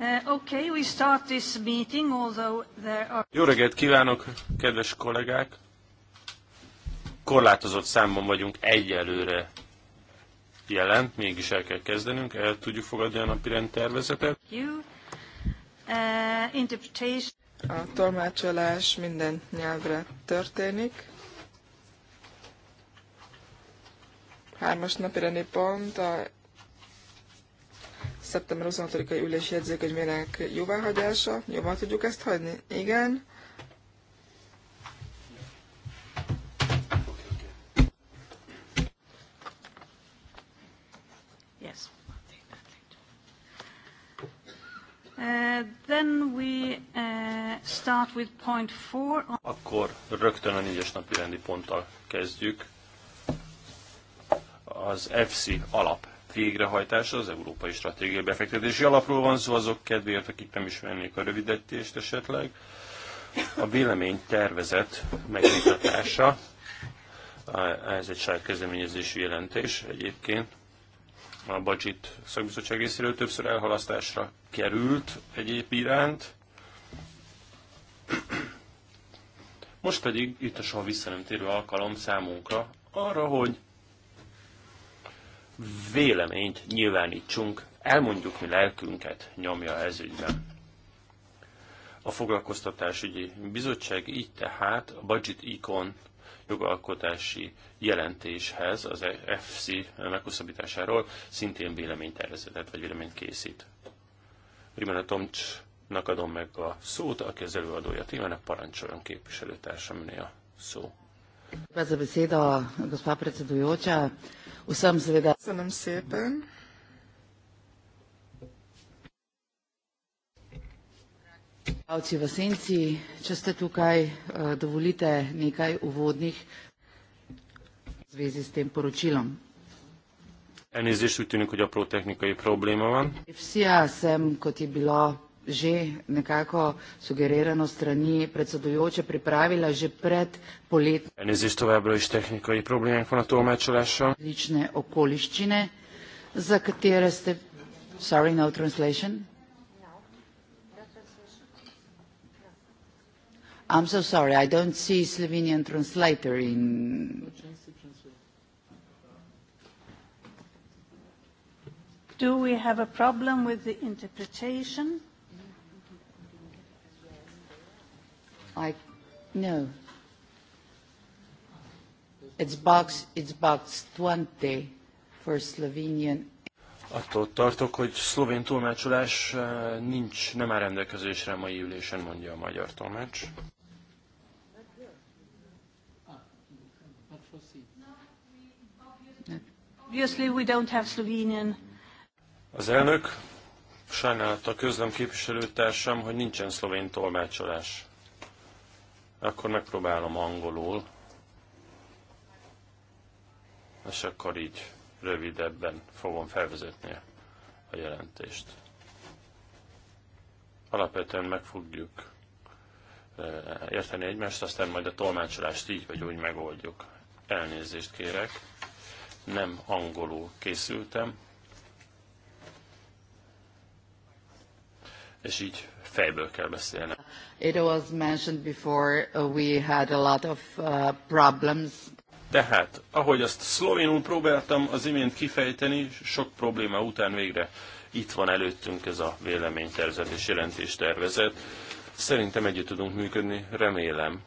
Uh, okay, we start this meeting, although there are... Jó reggelt kívánok, kedves kollégák! Korlátozott számban vagyunk egyelőre jelent, mégis el kell kezdenünk, el tudjuk fogadni a napi rendtervezetet. You, uh, interpretation. A tolmácsolás minden nyelvre történik. Hármas napi rendi pont a szeptember 26-ai ülési jegyzőkönyvének jóváhagyása. Jóvá tudjuk ezt hagyni? Igen. Yes. Uh, then we uh, start with point four. Akkor rögtön a négyes napi rendi ponttal kezdjük. Az FC alap végrehajtása, az Európai Stratégiai Befektetési Alapról van szó, azok kedvéért, akik nem ismernék a rövidítést esetleg. A vélemény tervezet megnyitatása, ez egy saját kezdeményezési jelentés egyébként, a budget szakbizottság részéről többször elhalasztásra került egyéb iránt. Most pedig itt a soha visszanemtérő alkalom számunkra arra, hogy véleményt nyilvánítsunk, elmondjuk mi lelkünket nyomja ez ügyben. A foglalkoztatásügyi bizottság így tehát a Budget Icon jogalkotási jelentéshez, az FC meghosszabbításáról szintén véleménytervezetet vagy véleményt készít. Rimana Tomcsnak adom meg a szót, aki az előadója témának parancsoljon képviselőtársam a szó. Hvala za besedo, gospa predsedujoča. Vsem seveda. Köszönöm szépen. Avci v senci, če ste tukaj, eh, dovolite nekaj uvodnih v zvezi s tem poročilom. Elnézést, úgy tűnik, hogy apró technikai probléma van. sem, kot je bilo že nekako sugerirano strani predsedujoče pripravila že pred poletjem. Različne okoliščine, za katere ste... Sorry, no translation? I'm so sorry, I don't see Slovenian translator in... Do we have a problem with the interpretation? I no. It's box, it's box 20 for Slovenian. Attól tartok, hogy szlovén tolmácsolás eh, nincs, nem áll rendelkezésre a mai ülésen, mondja a magyar tolmács. Obviously we don't have Slovenian. Az elnök, sajnálattal közlöm képviselőtársam, hogy nincsen szlovén tolmácsolás. Akkor megpróbálom angolul, és akkor így rövidebben fogom felvezetni a jelentést. Alapvetően meg fogjuk eh, érteni egymást, aztán majd a tolmácsolást így vagy úgy megoldjuk. Elnézést kérek, nem angolul készültem, és így fejből kell beszélnem. It was mentioned before, uh, we had a lot of uh, problems. Tehát, ahogy azt szlovénul próbáltam az imént kifejteni, sok probléma után végre itt van előttünk ez a véleménytervezet és jelentéstervezet. Szerintem együtt tudunk működni, remélem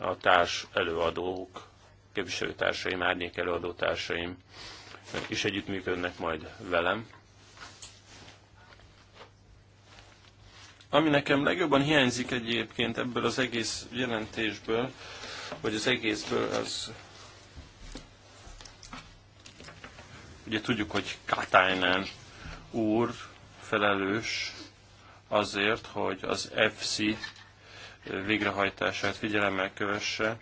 a társ előadók, képviselőtársaim, árnyék előadótársaim is együttműködnek majd velem Ami nekem legjobban hiányzik egyébként ebből az egész jelentésből, vagy az egészből, az ugye tudjuk, hogy Katainen úr felelős azért, hogy az FC végrehajtását figyelemmel kövesse.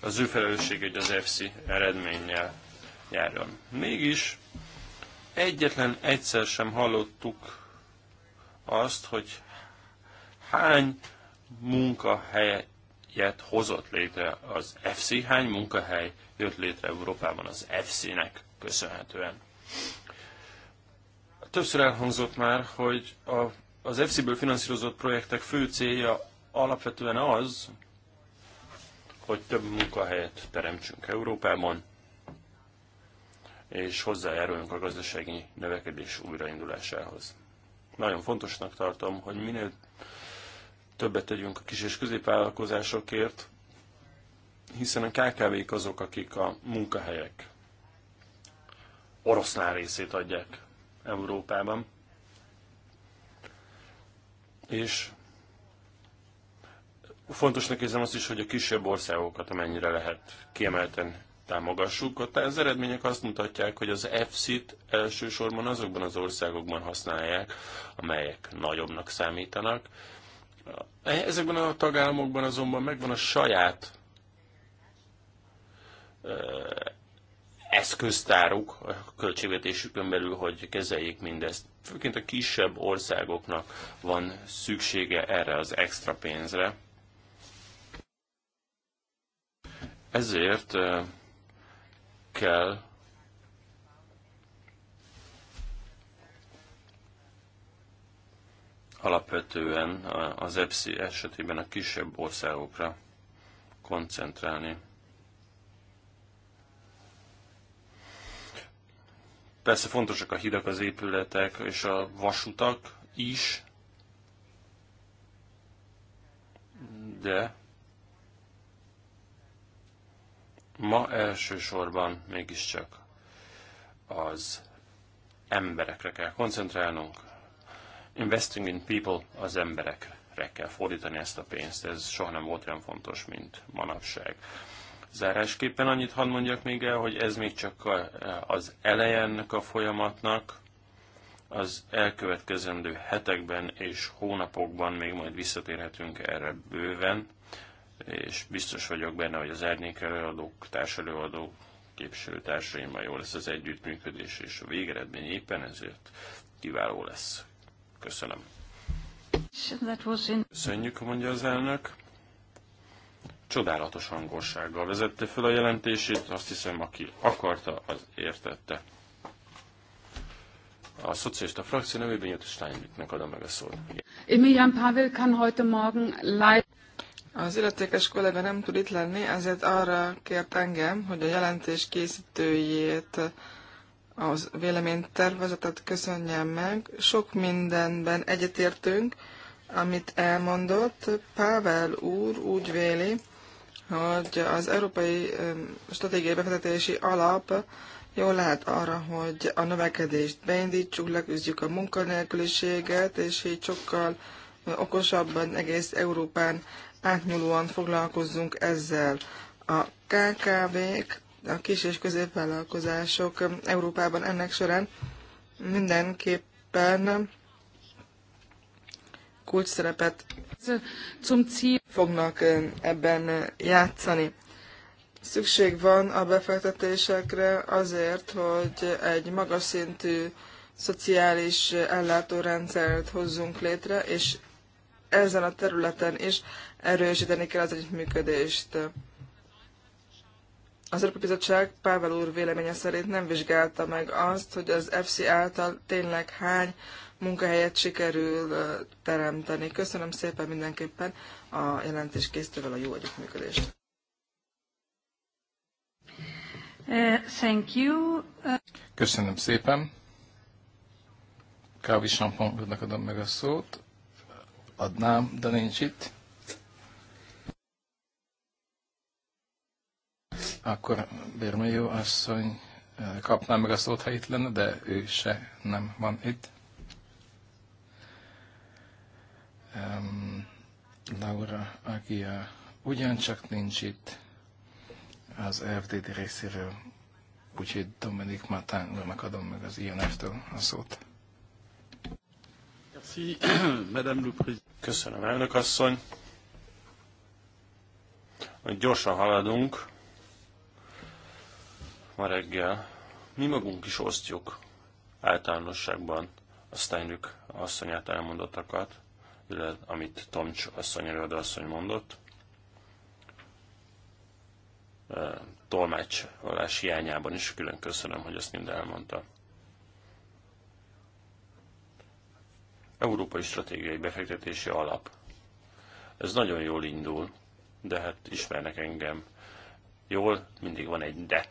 Az ő felelősség, hogy az FC eredménnyel járjon. Mégis Egyetlen egyszer sem hallottuk azt, hogy hány munkahelyet hozott létre az FC, hány munkahely jött létre Európában az FC-nek köszönhetően. Többször elhangzott már, hogy a, az FC-ből finanszírozott projektek fő célja alapvetően az, hogy több munkahelyet teremtsünk Európában, és hozzájárulunk a gazdasági növekedés újraindulásához. Nagyon fontosnak tartom, hogy minél többet tegyünk a kis és középvállalkozásokért, hiszen a KKV-k azok, akik a munkahelyek oroszlán részét adják Európában. És fontosnak érzem azt is, hogy a kisebb országokat amennyire lehet kiemelten támogassuk. Az eredmények azt mutatják, hogy az EFSZ-t elsősorban azokban az országokban használják, amelyek nagyobbnak számítanak. E, ezekben a tagállamokban azonban megvan a saját e, eszköztáruk a költségvetésükön belül, hogy kezeljék mindezt. Főként a kisebb országoknak van szüksége erre az extra pénzre. Ezért e, kell alapvetően az EPSZI esetében a kisebb országokra koncentrálni. Persze fontosak a hidak, az épületek és a vasutak is, de Ma elsősorban mégiscsak az emberekre kell koncentrálnunk. Investing in people az emberekre kell fordítani ezt a pénzt. Ez soha nem volt olyan fontos, mint manapság. Zárásképpen annyit hadd mondjak még el, hogy ez még csak az elejennek a folyamatnak, az elkövetkezendő hetekben és hónapokban még majd visszatérhetünk erre bőven és biztos vagyok benne, hogy az árnyék előadók, társelőadók, képviselőtársaimmal jó lesz az együttműködés, és a végeredmény éppen ezért kiváló lesz. Köszönöm. Köszönjük, mondja az elnök. Csodálatos hangossággal vezette fel a jelentését, azt hiszem, aki akarta, az értette. A szocialista frakció nevében Jutta Steinbrücknek adom meg a szót. Emilian Pavel kann heute Morgen leider... Az illetékes kollega nem tud itt lenni, ezért arra kért engem, hogy a jelentés készítőjét, az véleménytervezetet köszönjem meg. Sok mindenben egyetértünk, amit elmondott. Pável úr úgy véli, hogy az Európai Stratégiai Befektetési Alap jól lehet arra, hogy a növekedést beindítsuk, leküzdjük a munkanélküliséget, és így sokkal okosabban egész Európán átnyúlóan foglalkozzunk ezzel. A KKV-k, a kis- és középvállalkozások Európában ennek során mindenképpen kulcs szerepet fognak ebben játszani. Szükség van a befektetésekre azért, hogy egy magas szintű szociális ellátórendszert hozzunk létre, és ezen a területen is erősíteni kell az együttműködést. Az Európai Bizottság Pável úr véleménye szerint nem vizsgálta meg azt, hogy az FC által tényleg hány munkahelyet sikerül teremteni. Köszönöm szépen mindenképpen a jelentés készítővel a jó együttműködést. Thank you. Köszönöm szépen. Kávi Sampannak adom meg a szót adnám, de nincs itt. Akkor Bérméjó asszony eh, kapná meg a szót, ha itt lenne, de ő se nem van itt. Um, Laura Agia ugyancsak nincs itt az FDD részéről, úgyhogy Dominik Matán úrnak adom meg az INF-től a szót. Köszönöm, elnök asszony. Gyorsan haladunk. Ma reggel mi magunk is osztjuk általánosságban a Steinrück asszonyát elmondottakat, illetve amit Tomcs asszony előadó asszony mondott. E, Tolmács hiányában is külön köszönöm, hogy ezt mind elmondta. Európai Stratégiai Befektetési Alap. Ez nagyon jól indul, de hát ismernek engem jól, mindig van egy de.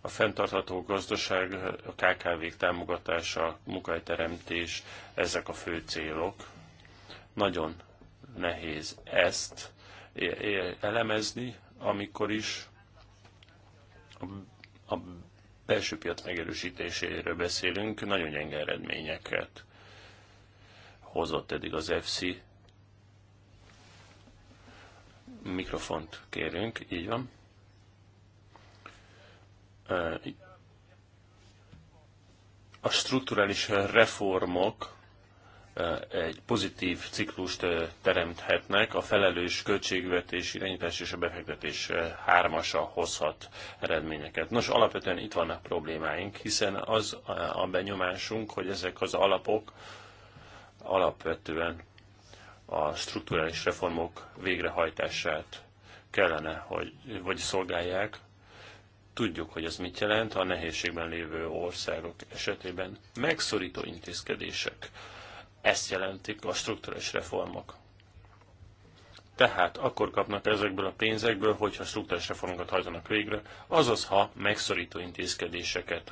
A fenntartható gazdaság, a KKV-k támogatása, munkahelyteremtés, ezek a fő célok. Nagyon nehéz ezt e-, e-, elemezni, amikor is a, a belső piac megerősítéséről beszélünk, nagyon gyenge eredményeket hozott eddig az FC. Mikrofont kérünk, így van. A strukturális reformok egy pozitív ciklust teremthetnek, a felelős költségvetés, irányítás és a befektetés hármasa hozhat eredményeket. Nos, alapvetően itt vannak problémáink, hiszen az a benyomásunk, hogy ezek az alapok alapvetően a strukturális reformok végrehajtását kellene, hogy, vagy szolgálják, tudjuk, hogy ez mit jelent a nehézségben lévő országok esetében megszorító intézkedések ezt jelentik a strukturális reformok. Tehát akkor kapnak ezekből a pénzekből, hogyha struktúrális reformokat hajtanak végre, azaz ha megszorító intézkedéseket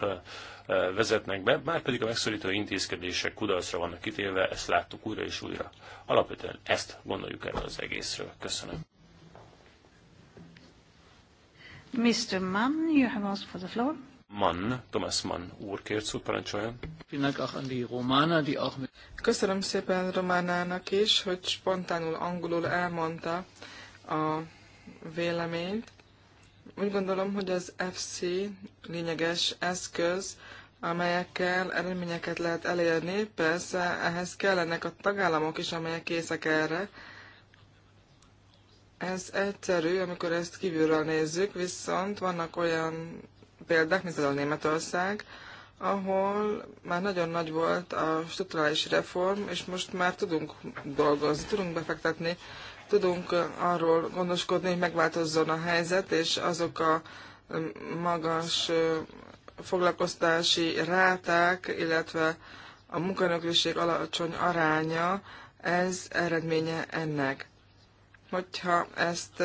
vezetnek be, már pedig a megszorító intézkedések kudarcra vannak kitélve, ezt láttuk újra és újra. Alapvetően ezt gondoljuk erről az egészről. Köszönöm. Mr. Mann, you have asked for the floor. Mann, Thomas Mann úr kért szót, parancsoljon. Köszönöm szépen Románának is, hogy spontánul angolul elmondta a véleményt. Úgy gondolom, hogy az FC lényeges eszköz, amelyekkel eredményeket lehet elérni. Persze ehhez kellenek a tagállamok is, amelyek készek erre. Ez egyszerű, amikor ezt kívülről nézzük, viszont vannak olyan példák, mint például Németország, ahol már nagyon nagy volt a strukturális reform, és most már tudunk dolgozni, tudunk befektetni, tudunk arról gondoskodni, hogy megváltozzon a helyzet, és azok a magas foglalkoztási ráták, illetve a munkanöklőség alacsony aránya, ez eredménye ennek. Hogyha ezt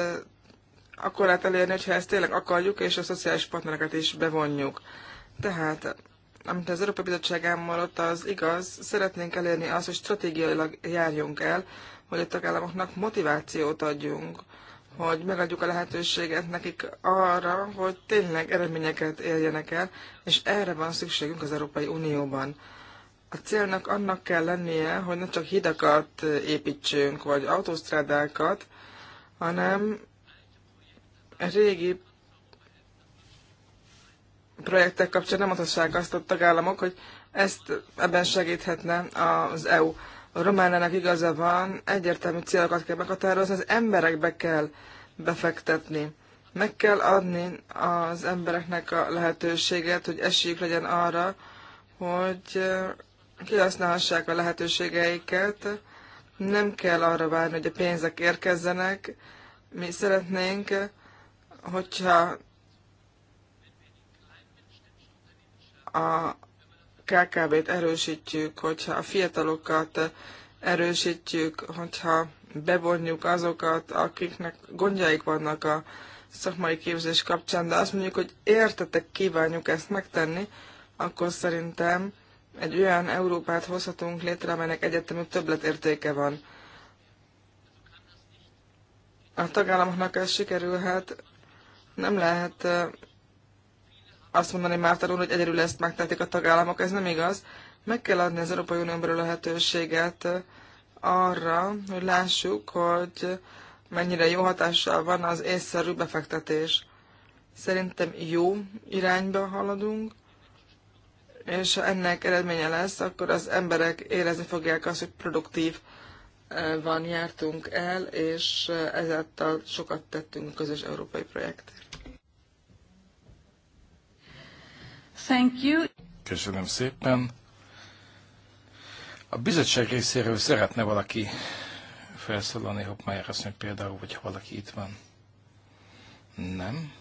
akkor lehet elérni, hogyha ezt tényleg akarjuk, és a szociális partnereket is bevonjuk. Tehát, amit az Európai Bizottság elmondott, az igaz, szeretnénk elérni azt, hogy stratégiailag járjunk el, hogy a tagállamoknak motivációt adjunk, hogy megadjuk a lehetőséget nekik arra, hogy tényleg eredményeket éljenek el, és erre van szükségünk az Európai Unióban. A célnak annak kell lennie, hogy ne csak hidakat építsünk, vagy autósztrádákat, hanem régi projektek kapcsán nem adhassák azt a tagállamok, hogy ezt ebben segíthetne az EU. A románának igaza van, egyértelmű célokat kell meghatározni, az emberekbe kell befektetni. Meg kell adni az embereknek a lehetőséget, hogy esélyük legyen arra, hogy kihasználhassák a lehetőségeiket, nem kell arra várni, hogy a pénzek érkezzenek. Mi szeretnénk hogyha a KKV-t erősítjük, hogyha a fiatalokat erősítjük, hogyha bevonjuk azokat, akiknek gondjaik vannak a szakmai képzés kapcsán, de azt mondjuk, hogy értetek kívánjuk ezt megtenni, akkor szerintem egy olyan Európát hozhatunk létre, amelynek egyetemű többletértéke van. A tagállamoknak ez sikerülhet, nem lehet azt mondani Márton úr, hogy egyedül ezt megtették a tagállamok, ez nem igaz. Meg kell adni az Európai Unión belül lehetőséget arra, hogy lássuk, hogy mennyire jó hatással van az észszerű befektetés. Szerintem jó irányba haladunk, és ha ennek eredménye lesz, akkor az emberek érezni fogják azt, hogy produktív van jártunk el, és ezáltal sokat tettünk a közös európai projektért. Thank you. Köszönöm szépen. A bizottság részéről szeretne valaki felszólalni, Hoppmeyer asszony például, hogyha valaki itt van. Nem.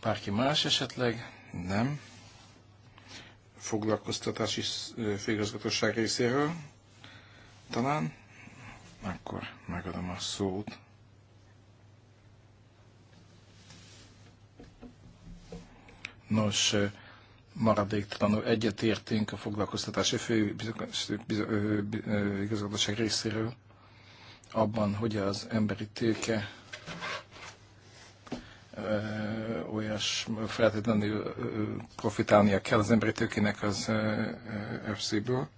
Bárki más esetleg? Nem. Foglalkoztatási főigazgatóság részéről? Talán? Akkor megadom a szót Nos, maradéktalanul egyetértünk a foglalkoztatási fő igazgatóság részéről abban, hogy az emberi tőke olyas feltétlenül profitálnia kell az emberi tőkének az FC-ből.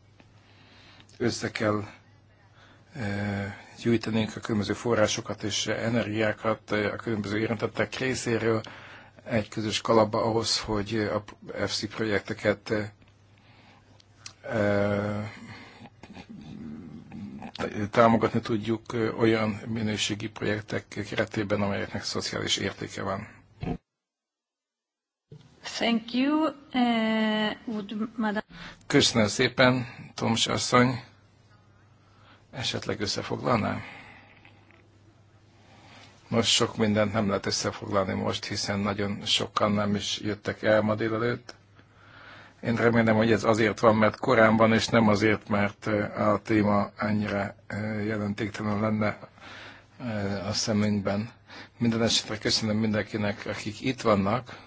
Össze kell gyűjtenünk a különböző forrásokat és energiákat a különböző érintettek részéről, egy közös kalapba ahhoz, hogy a FC projekteket eh, támogatni tudjuk eh, olyan minőségi projektek keretében, amelyeknek szociális értéke van. Thank you. Uh, would madame... Köszönöm szépen, Toms asszony. Esetleg összefoglalnám? Most sok mindent nem lehet összefoglalni most, hiszen nagyon sokan nem is jöttek el ma délelőtt. Én remélem, hogy ez azért van, mert korábban, és nem azért, mert a téma annyira jelentéktelen lenne a szemünkben. Minden esetre köszönöm mindenkinek, akik itt vannak,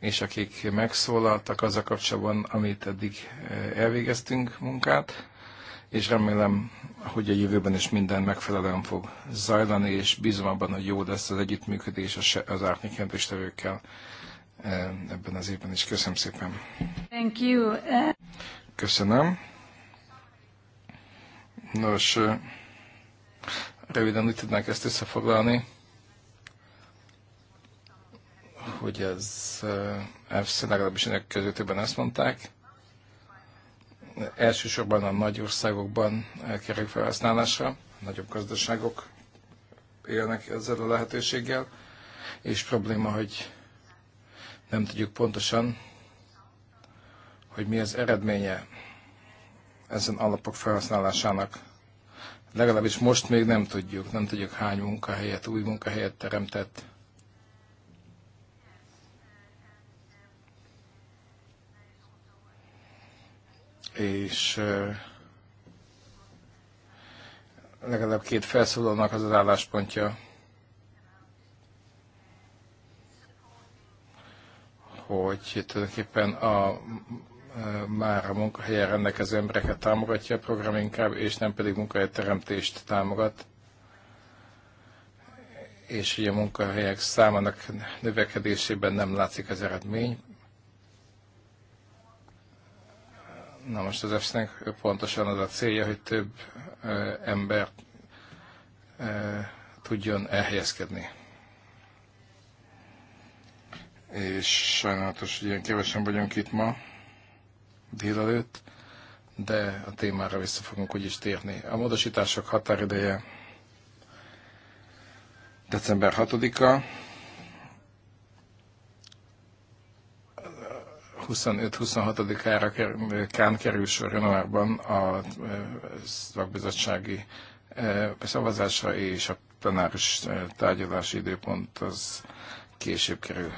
és akik megszólaltak az a kapcsolatban, amit eddig elvégeztünk munkát és remélem, hogy a jövőben is minden megfelelően fog zajlani, és bízom abban, hogy jó lesz az együttműködés az árnyékjelentéstevőkkel eh, ebben az évben is. Köszönöm szépen. Thank you. Köszönöm. Nos, eh, röviden úgy tudnánk ezt összefoglalni, hogy az EFSZ eh, legalábbis ennek közöttében ezt mondták, elsősorban a nagy országokban kerül felhasználásra, a nagyobb gazdaságok élnek ezzel a lehetőséggel, és probléma, hogy nem tudjuk pontosan, hogy mi az eredménye ezen alapok felhasználásának. Legalábbis most még nem tudjuk, nem tudjuk hány munkahelyet, új munkahelyet teremtett, és legalább két felszólónak az az álláspontja, hogy tulajdonképpen a már a munkahelyen rendelkező embereket támogatja a program inkább, és nem pedig munkahelyteremtést támogat. És ugye a munkahelyek számának növekedésében nem látszik az eredmény. Na most az EFSZ-nek pontosan az a célja, hogy több ember tudjon elhelyezkedni. És sajnálatos, hogy ilyen kevesen vagyunk itt ma délelőtt, de a témára vissza fogunk úgyis térni. A módosítások határideje december 6-a, 25-26-ára Kán kerül sor januárban a e, szakbizottsági e, szavazásra, és a tanáros e, tárgyalási időpont az később kerül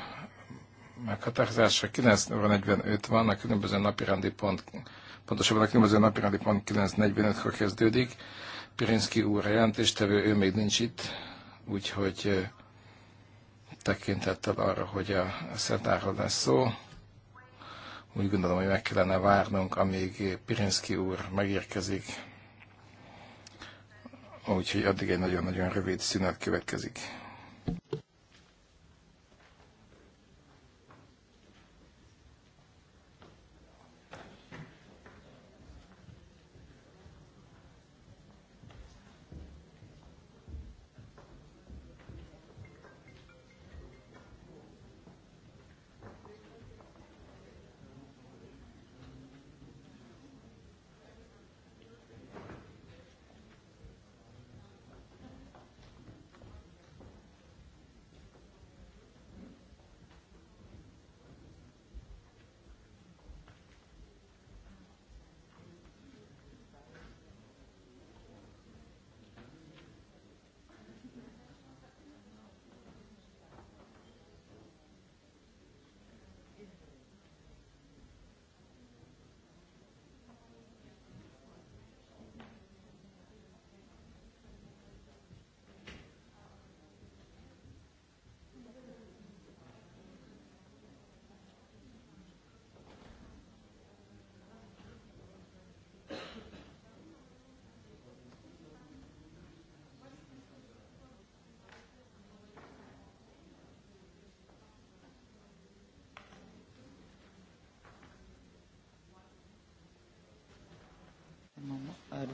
meghatározásra. 9 óra 45 van, a különböző napirendi pont, pontosabban a különböző napirendi pont 9.45-kor kezdődik. Pirinszki úr jelentéstevő, ő még nincs itt, úgyhogy tekintettel arra, hogy a szetáról lesz szó. Úgy gondolom, hogy meg kellene várnunk, amíg Pirinszki úr megérkezik, úgyhogy addig egy nagyon-nagyon rövid szünet következik.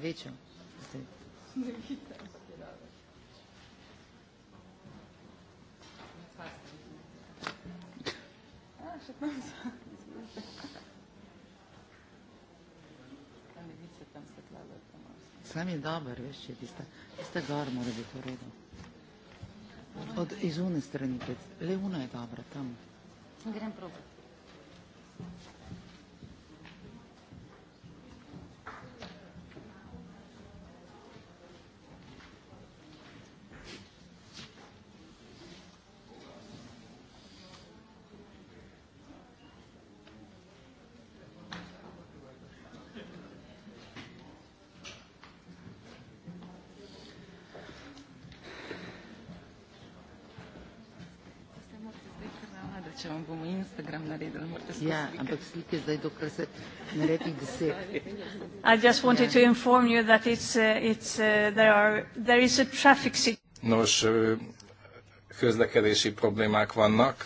hecho. Usted. Sam je dobar, veš, če tista, tista gor mora biti v redu. Od, iz strani, le una je dobra tam. Grem probati. I just wanted to inform you that it's, uh, it's, uh, there, are, there is a traffic Nos, közlekedési problémák vannak.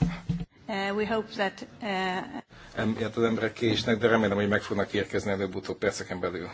Uh, we hope that, uh... Emiatt az emberek késnek, de remélem, hogy meg fognak érkezni előbb-utóbb perceken belül.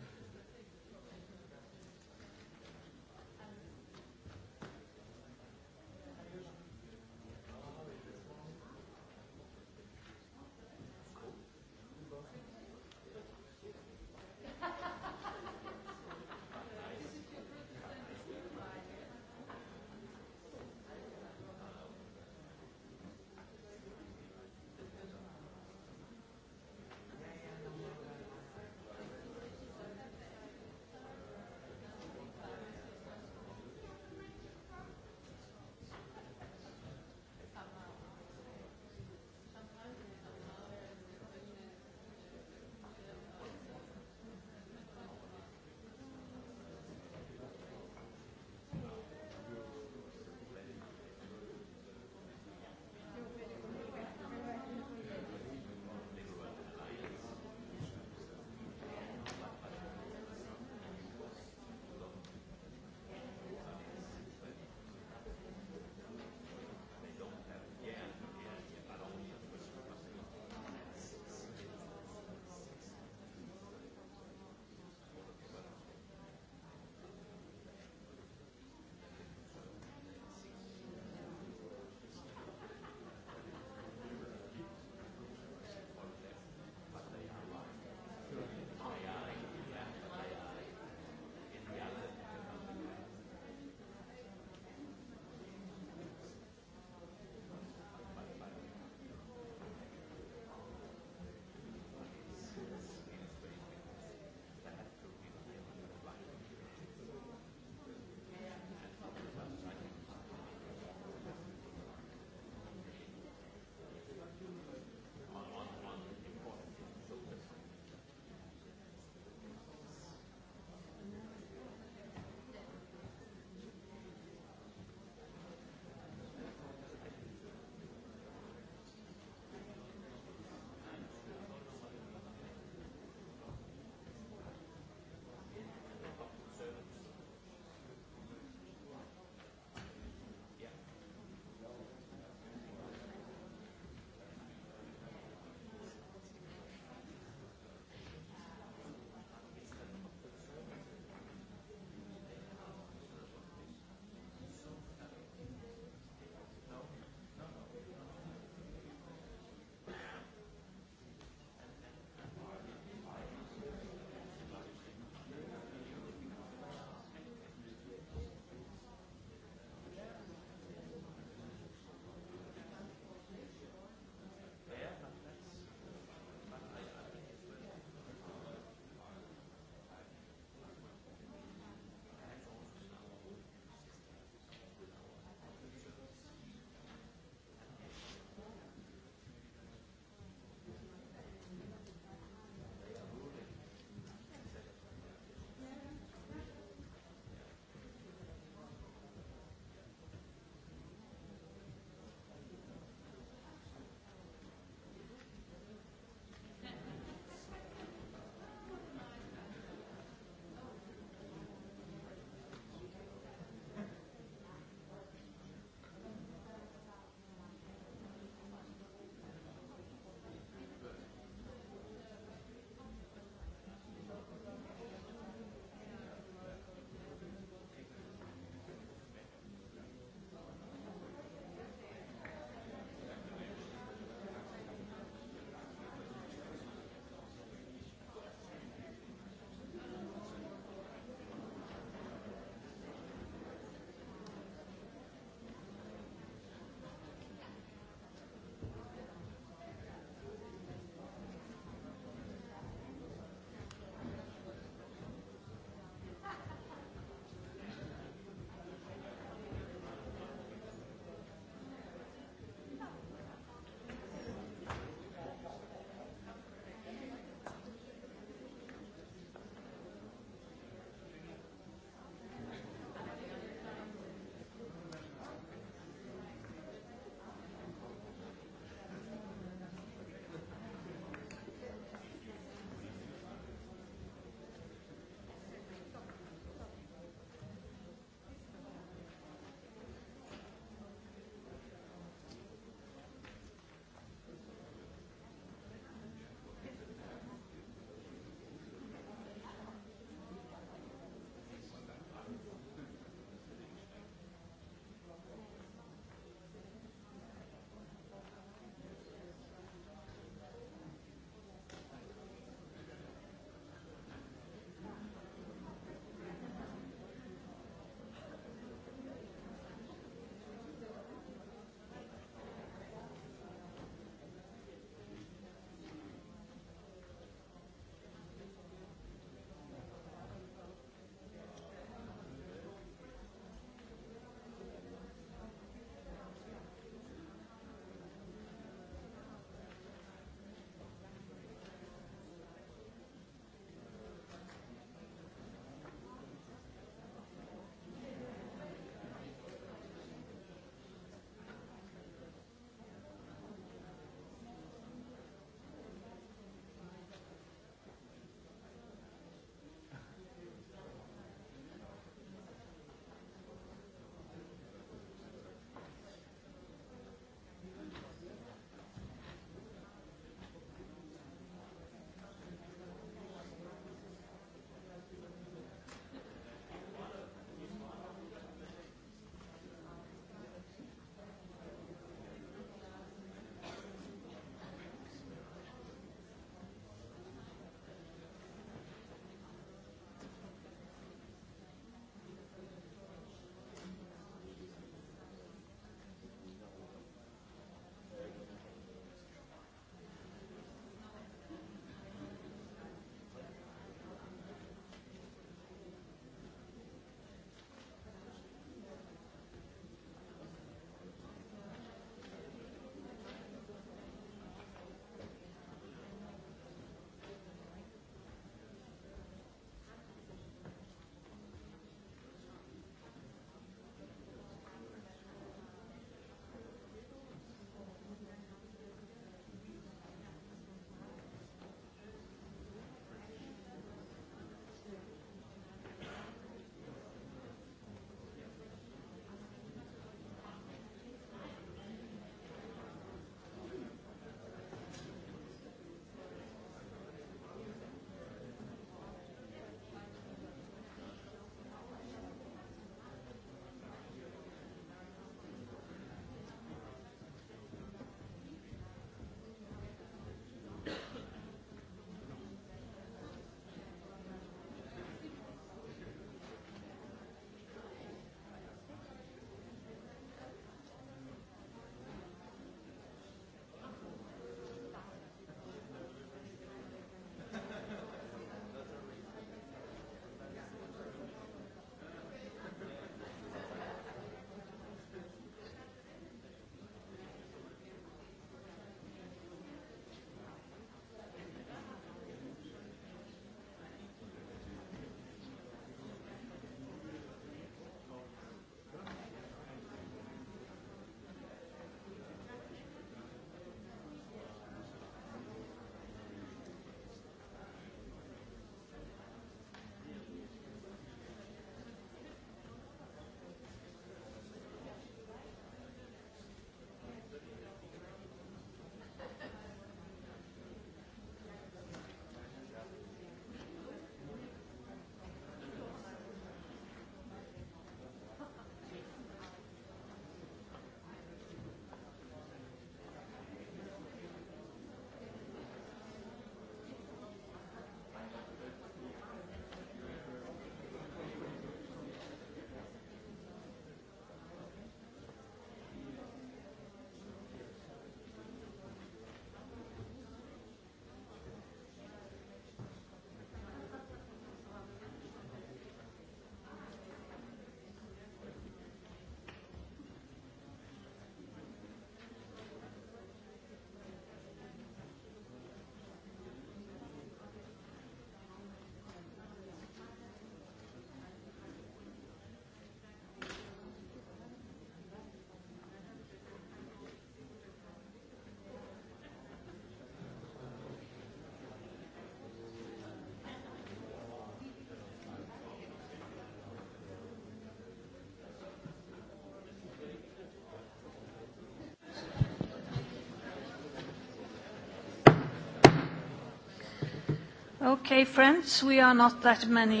Okay, friends, we are not that many.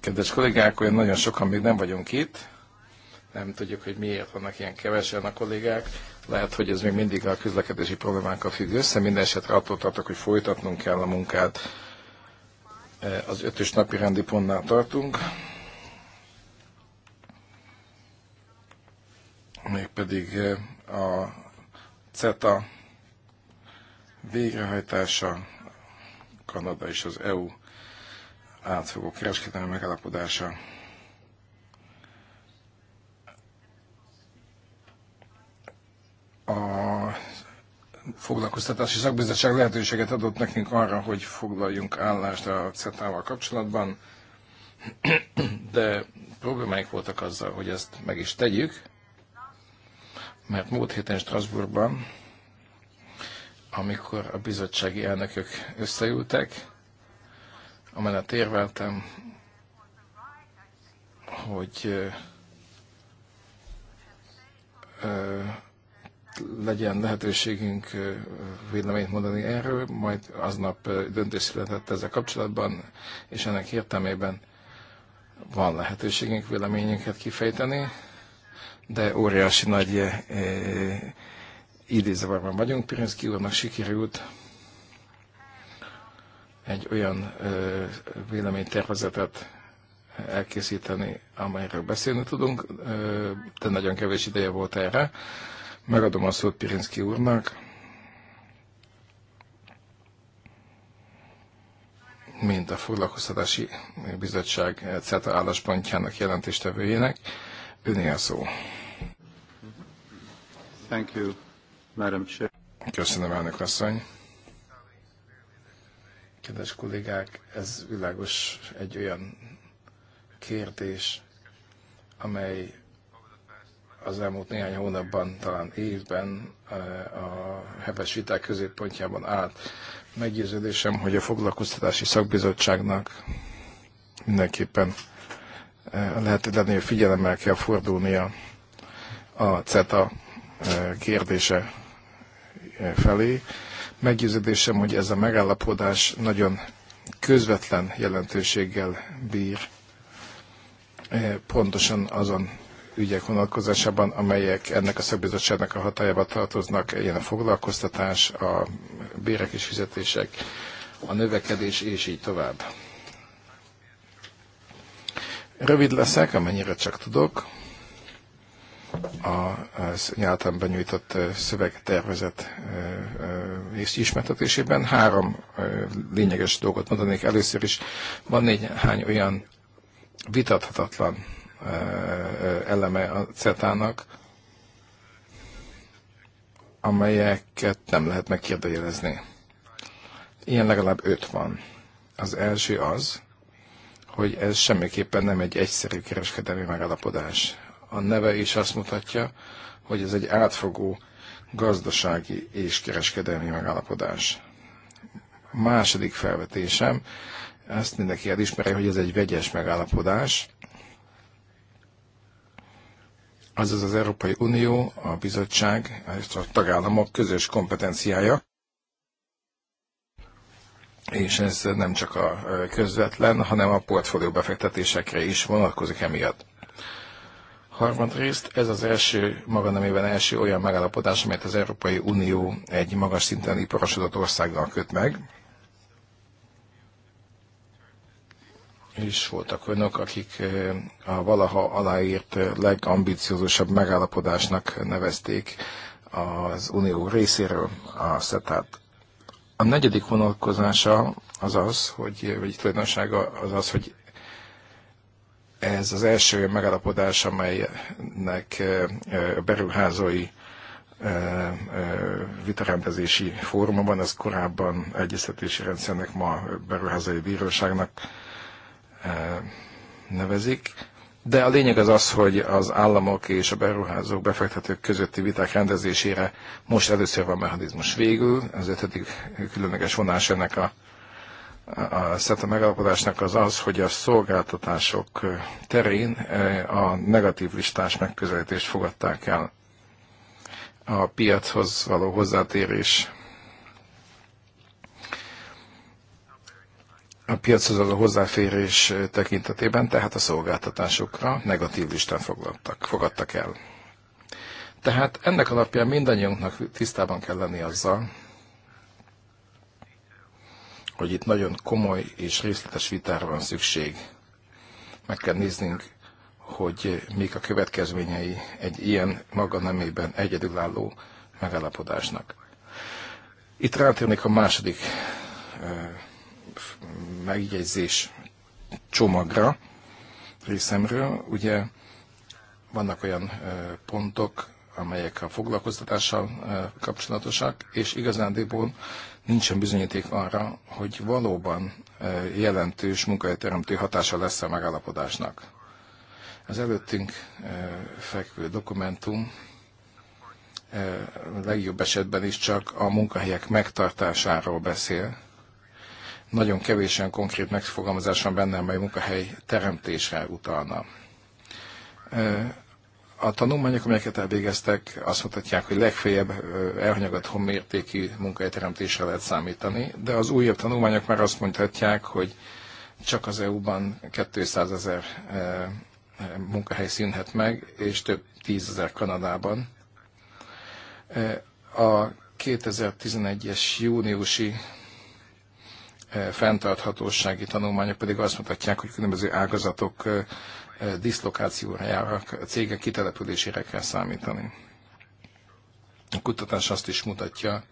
Kedves kollégák, olyan nagyon sokan még nem vagyunk itt. Nem tudjuk, hogy miért vannak ilyen kevesen a kollégák. Lehet, hogy ez még mindig a közlekedési problémákkal függ össze. Minden esetre attól tartok, hogy folytatnunk kell a munkát. Eh, az ötös napi rendi pontnál tartunk. Mégpedig eh, a CETA végrehajtása Kanada és az EU átfogó kereskedelmi megállapodása. A foglalkoztatási szakbizottság lehetőséget adott nekünk arra, hogy foglaljunk állást a CETA-val kapcsolatban, de problémáik voltak azzal, hogy ezt meg is tegyük, mert múlt héten Strasbourgban amikor a bizottsági elnökök összeültek, amellett érveltem, hogy legyen lehetőségünk véleményt mondani erről, majd aznap döntés született ezzel kapcsolatban, és ennek értelmében van lehetőségünk véleményünket kifejteni, de óriási nagy idézavarban vagyunk. Pirinszki úrnak sikerült egy olyan ö, véleménytervezetet elkészíteni, amelyről beszélni tudunk, ö, de nagyon kevés ideje volt erre. Megadom a szót Pirinszki úrnak. mint a Foglalkoztatási Bizottság eh, CETA álláspontjának jelentéstevőjének. Öné a szó. Thank you. Köszönöm, elnök asszony. Kedves kollégák, ez világos egy olyan kérdés, amely az elmúlt néhány hónapban, talán évben eh, a heves viták középpontjában állt. Meggyőződésem, hogy a foglalkoztatási szakbizottságnak mindenképpen eh, lehet lenni, hogy figyelemmel kell fordulnia a CETA eh, kérdése E, felé. Meggyőződésem, hogy ez a megállapodás nagyon közvetlen jelentőséggel bír e, pontosan azon ügyek vonatkozásában, amelyek ennek a szakbizottságnak a hatájába tartoznak, ilyen a foglalkoztatás, a bérek és fizetések, a növekedés, és így tovább. Rövid leszek, amennyire csak tudok az nyáltalán benyújtott szövegtervezet és ismertetésében. Három lényeges dolgot mondanék. Először is van néhány olyan vitathatatlan eleme a CETA-nak, amelyeket nem lehet megkérdőjelezni. Ilyen legalább öt van. Az első az, hogy ez semmiképpen nem egy egyszerű kereskedelmi megállapodás a neve is azt mutatja, hogy ez egy átfogó gazdasági és kereskedelmi megállapodás. A második felvetésem, ezt mindenki elismeri, hogy ez egy vegyes megállapodás, azaz az Európai Unió, a bizottság és a tagállamok közös kompetenciája, és ez nem csak a közvetlen, hanem a portfólió befektetésekre is vonatkozik emiatt. Harmadrészt ez az első, maga nemében első olyan megállapodás, amelyet az Európai Unió egy magas szinten iparosodott országgal köt meg. És voltak önök, akik eh, a valaha aláírt eh, legambiciózusabb megállapodásnak nevezték az Unió részéről a szetát. A negyedik vonatkozása az az, hogy, vagy tulajdonsága az az, hogy ez az első megállapodás, amelynek beruházói vitarendezési fórumban, ez korábban egyeztetési rendszernek, ma beruházói bíróságnak nevezik. De a lényeg az az, hogy az államok és a beruházók, befektetők közötti viták rendezésére most először van mechanizmus végül. Az ötödik különleges vonás ennek a a SETA megállapodásnak az az, hogy a szolgáltatások terén a negatív listás megközelítést fogadták el. A piachoz való hozzátérés a piachoz való hozzáférés tekintetében, tehát a szolgáltatásokra negatív listán fogadtak, fogadtak el. Tehát ennek alapján mindannyiunknak tisztában kell lenni azzal, hogy itt nagyon komoly és részletes vitára van szükség. Meg kell néznünk, hogy mik a következményei egy ilyen maga nemében egyedülálló megállapodásnak. Itt rátérnék a második megjegyzés csomagra részemről. Ugye vannak olyan pontok, amelyek a foglalkoztatással kapcsolatosak, és igazándiból nincsen bizonyíték arra, hogy valóban jelentős munkahelyteremtő hatása lesz a megállapodásnak. Az előttünk fekvő dokumentum legjobb esetben is csak a munkahelyek megtartásáról beszél. Nagyon kevésen konkrét megfogalmazás van benne, amely munkahely teremtésre utalna a tanulmányok, amelyeket elvégeztek, azt mutatják, hogy legfeljebb elhanyagott honmértéki munkahelyteremtésre lehet számítani, de az újabb tanulmányok már azt mondhatják, hogy csak az EU-ban 200 ezer munkahely szűnhet meg, és több tízezer Kanadában. A 2011-es júniusi fenntarthatósági tanulmányok pedig azt mutatják, hogy különböző ágazatok Eh, diszlokációra a cégek kitelepülésére kell számítani. A kutatás azt is mutatja,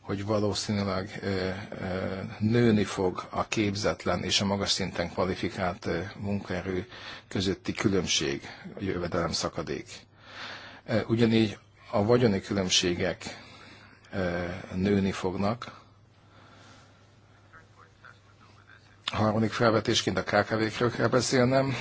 hogy valószínűleg eh, eh, nőni fog a képzetlen és a magas szinten kvalifikált munkaerő közötti különbség, a jövedelem szakadék. Ugyanígy a vagyoni különbségek nőni fognak. A harmadik felvetésként a KKV-kről kell beszélnem.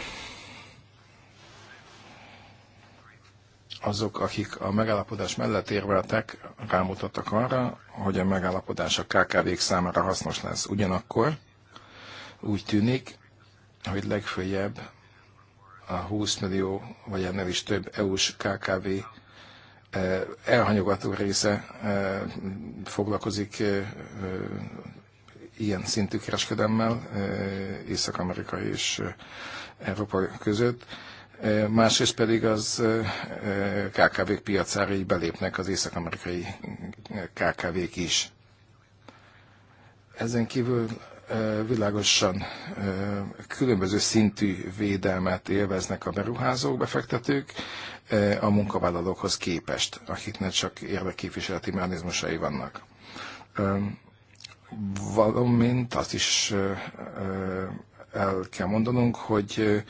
azok, akik a megállapodás mellett érveltek, rámutattak arra, hogy a megállapodás a KKV-k számára hasznos lesz. Ugyanakkor úgy tűnik, hogy legfőjebb a 20 millió, vagy ennél is több EU-s KKV eh, elhanyogató része eh, foglalkozik eh, ilyen szintű kereskedemmel Észak-Amerika és Európa között másrészt pedig az KKV-k piacára így belépnek az észak-amerikai KKV-k is. Ezen kívül világosan különböző szintű védelmet élveznek a beruházók, befektetők a munkavállalókhoz képest, akiknek csak érdekképviseleti mechanizmusai vannak. Valamint azt is el kell mondanunk, hogy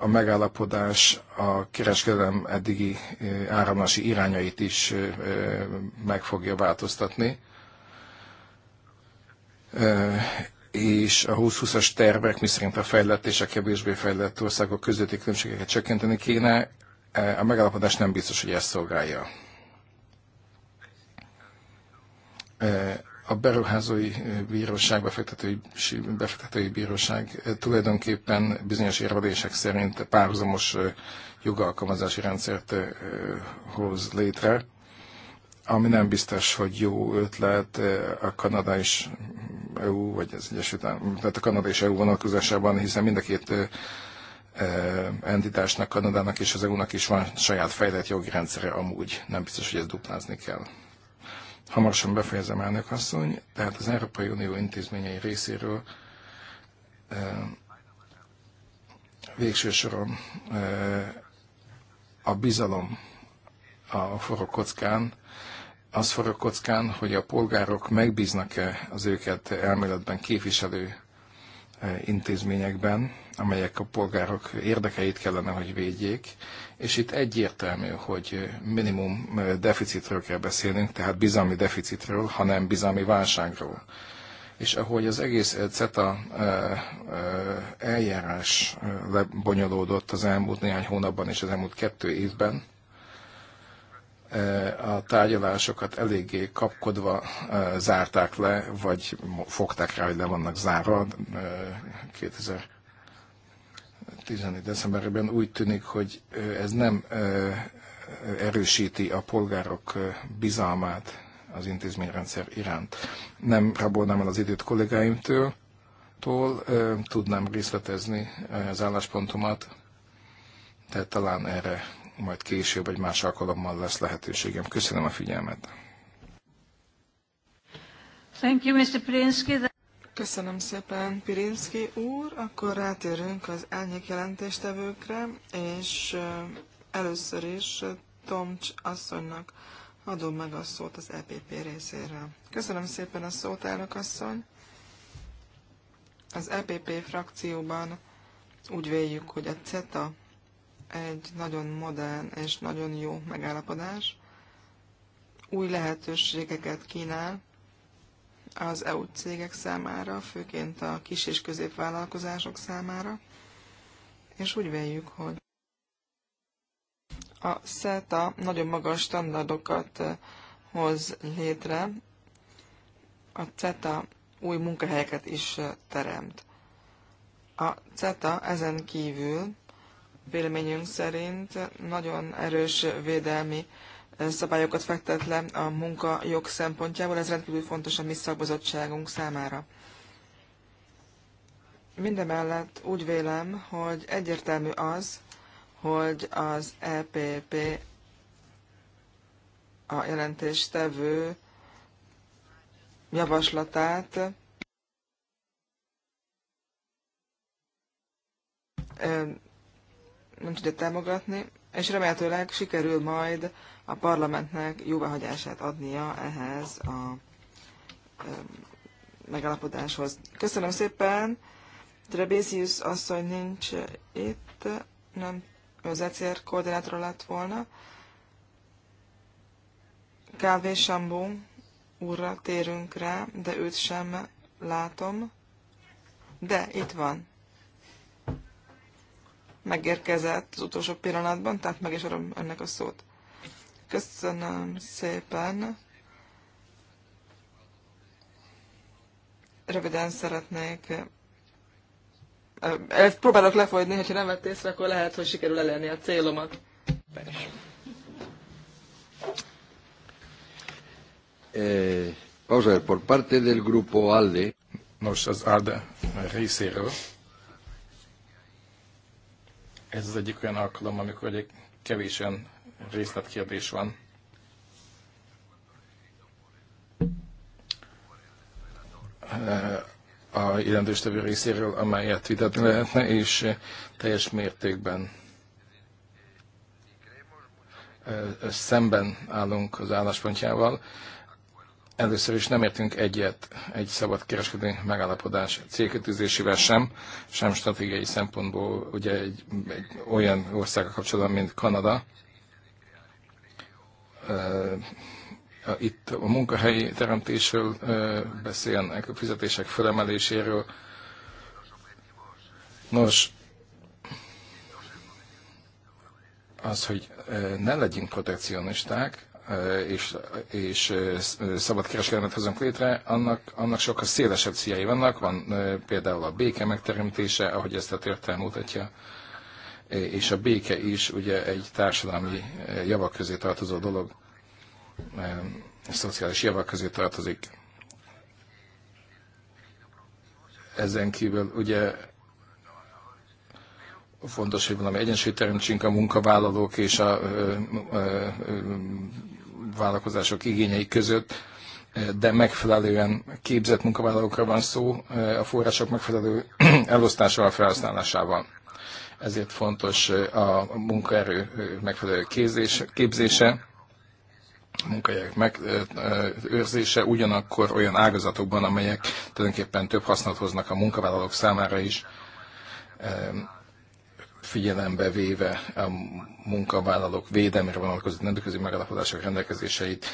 a megállapodás a kereskedelem eddigi áramlási irányait is meg fogja változtatni. És a 2020-as tervek, miszerint a fejlett és a kevésbé fejlett országok közötti különbségeket csökkenteni kéne, a megállapodás nem biztos, hogy ezt szolgálja a beruházói bíróság, befektetői, befektetői bíróság tulajdonképpen bizonyos érvelések szerint párhuzamos jogalkalmazási rendszert hoz létre, ami nem biztos, hogy jó ötlet a Kanada és EU, vagy az Egyesült Államok, tehát a Kanada és EU vonatkozásában, hiszen mind a két entitásnak, Kanadának és az EU-nak is van saját fejlett jogi rendszere amúgy. Nem biztos, hogy ezt duplázni kell. Hamarosan befejezem, elnök asszony, tehát az Európai Unió intézményei részéről eh, végső soron eh, a bizalom a forró kockán, az forró kockán, hogy a polgárok megbíznak-e az őket elméletben képviselő Eh, intézményekben, amelyek a polgárok érdekeit kellene, hogy védjék, és itt egyértelmű, hogy minimum eh, deficitről kell beszélnünk, tehát bizalmi deficitről, hanem bizalmi válságról. És ahogy az egész eh, CETA eljárás lebonyolódott az elmúlt néhány hónapban és az elmúlt kettő évben, a tárgyalásokat eléggé kapkodva zárták le, vagy fogták rá, hogy le vannak zárva 2014. decemberben. Úgy tűnik, hogy ez nem erősíti a polgárok bizalmát az intézményrendszer iránt. Nem rabolnám el az időt kollégáimtól, tól, tudnám részletezni az álláspontomat, tehát talán erre majd később vagy más alkalommal lesz lehetőségem. Köszönöm a figyelmet. Thank you, Mr. Pirinsky. Köszönöm szépen, Pirinszki úr. Akkor rátérünk az elnyék jelentéstevőkre, és először is Tomcs asszonynak adom meg a szót az EPP részéről. Köszönöm szépen a szót, elnök asszony. Az EPP frakcióban úgy véljük, hogy a CETA egy nagyon modern és nagyon jó megállapodás. Új lehetőségeket kínál az EU cégek számára, főként a kis és középvállalkozások számára, és úgy véljük, hogy a SETA nagyon magas standardokat eh, hoz létre, a CETA új munkahelyeket is eh, teremt. A CETA ezen kívül véleményünk szerint nagyon erős védelmi szabályokat fektet le a munkajog szempontjából, ez rendkívül fontos a mi szakbozottságunk számára. Mindemellett úgy vélem, hogy egyértelmű az, hogy az EPP a jelentéstevő javaslatát nem tudja támogatni, és remélhetőleg sikerül majd a parlamentnek jóváhagyását adnia ehhez a megállapodáshoz. Köszönöm szépen! Trebézius asszony nincs itt, nem az ECR koordinátora lett volna. Kávé Sambó úrra térünk rá, de őt sem látom. De itt van megérkezett az utolsó pillanatban, tehát meg is adom ennek a szót. Köszönöm szépen. Röviden szeretnék ezt próbálok lefogyni, hogyha nem vett észre, akkor lehet, hogy sikerül elérni a célomat. Persze. Eh, vamos a ver, por parte del grupo ALDE. Nos, az ALDE részéről ez az egyik olyan alkalom, amikor egy kevésen részletkérdés van. Eh, a jelentőstevő részéről, amelyet vitatni lehetne, és teljes mértékben eh, szemben állunk az álláspontjával. Először is nem értünk egyet egy szabad kereskedő megállapodás célkötőzésével sem, sem stratégiai szempontból, ugye egy, egy olyan országa kapcsolatban, mint Kanada. Itt a munkahelyi teremtésről beszélnek, a fizetések fölemeléséről. Nos, az, hogy ne legyünk protekcionisták, Eh, és, és eh, szabad kereskedelmet hozunk létre, annak, annak sokkal szélesebb céljai vannak. Van eh, például a béke megteremtése, ahogy ezt a történet mutatja, és a béke is ugye egy társadalmi javak közé tartozó dolog, szociális javak közé tartozik. Ezen kívül ugye fontos, hogy valami egyensúlyt teremtsünk a munkavállalók és a ö, ö, ö, vállalkozások igényei között, eh, de megfelelően képzett munkavállalókra van szó eh, a források megfelelő elosztásával, felhasználásával. Ezért fontos eh, a munkaerő megfelelő képzés, képzése, munkahelyek megőrzése, ugyanakkor olyan ágazatokban, amelyek tulajdonképpen több hasznot hoznak a munkavállalók számára is, figyelembe véve a munkavállalók védelmére vonatkozó nemzetközi megállapodások rendelkezéseit,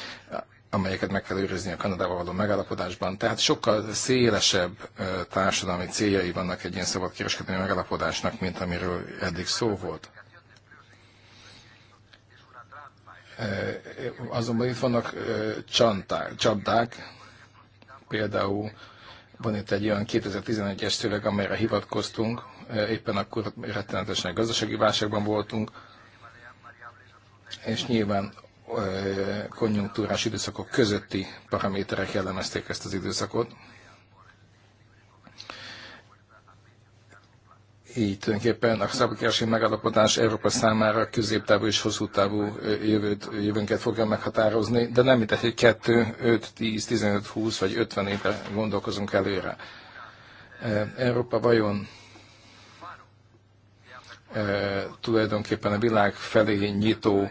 amelyeket meg kell őrizni a Kanadával való megállapodásban. Tehát sokkal szélesebb társadalmi céljai vannak egy ilyen kereskedelmi megállapodásnak, mint amiről eddig szó volt. Azonban itt vannak csanták, csapdák, például van itt egy olyan 2011-es szöveg, amelyre hivatkoztunk, Eh, éppen akkor rettenetesen gazdasági válságban voltunk, és nyilván eh, konjunktúrás időszakok közötti paraméterek jellemezték ezt az időszakot. Így tulajdonképpen a szabadkereskedelmi megállapodás Európa számára középtávú és hosszú távú eh, jövőt, jövőnket fogja meghatározni, de nem mindegy, hogy 2, 5, 10, 15, 20 vagy 50 évre gondolkozunk előre. Európa vajon tulajdonképpen a világ felé nyitó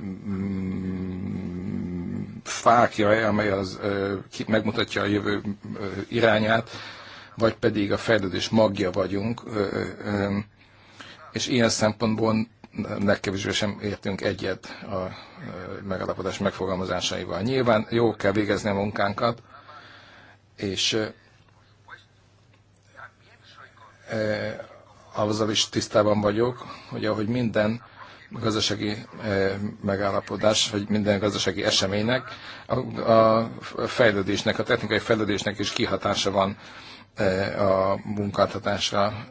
mm, fákja, amely az, megmutatja a jövő irányát, vagy pedig a fejlődés magja vagyunk, és ilyen szempontból legkevésbé sem értünk egyet a megalapodás megfogalmazásaival. Nyilván jó kell végezni a munkánkat, és Eh, azzal is tisztában vagyok, hogy ahogy minden gazdasági eh, megállapodás, vagy minden gazdasági eseménynek, a fejlődésnek, a technikai fejlődésnek is kihatása van eh, a munkáltatásra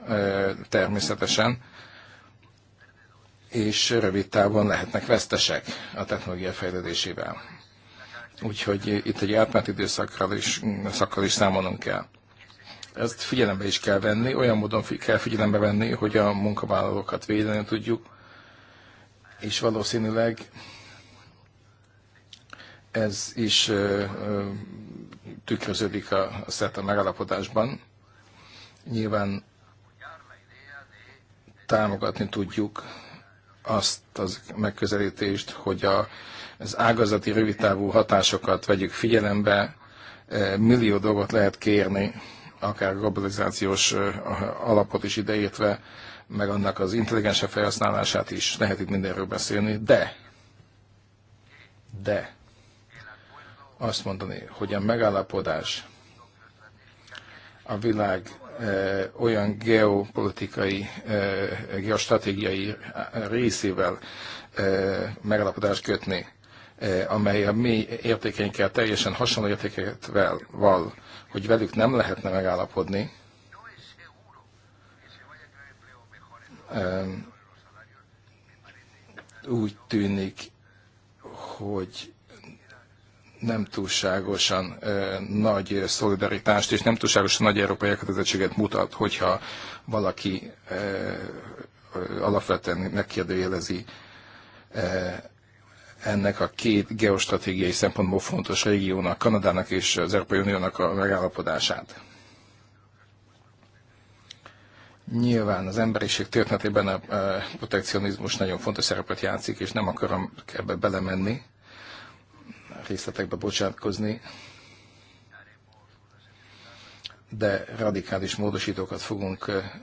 természetesen, és rövid távon lehetnek vesztesek a technológia fejlődésével. Úgyhogy itt egy átmeneti időszakkal is, szakkal is számolnunk kell ezt figyelembe is kell venni, olyan módon kell figyelembe venni, hogy a munkavállalókat védeni tudjuk, és valószínűleg ez is ö, ö, tükröződik a, a a megalapodásban. Nyilván támogatni tudjuk azt az megközelítést, hogy a, az ágazati rövidtávú hatásokat vegyük figyelembe, millió dolgot lehet kérni akár globalizációs alapot is ideértve, meg annak az intelligensebb felhasználását is. Lehet itt mindenről beszélni, de, de azt mondani, hogy a megállapodás a világ olyan geopolitikai, geostratégiai részével megállapodást kötni, amely a mi értékeinkkel teljesen hasonló értékeinkkel val, hogy velük nem lehetne megállapodni, úgy tűnik, hogy nem túlságosan ö, nagy szolidaritást és nem túlságosan nagy európai elkötelezettséget mutat, hogyha valaki ö, ö, alapvetően megkérdőjelezi ennek a két geostratégiai szempontból fontos régiónak, Kanadának és az Európai Uniónak a megállapodását. Nyilván az emberiség történetében a e, protekcionizmus nagyon fontos szerepet játszik, és nem akarom ebbe belemenni, részletekbe bocsátkozni, de radikális módosítókat fogunk e,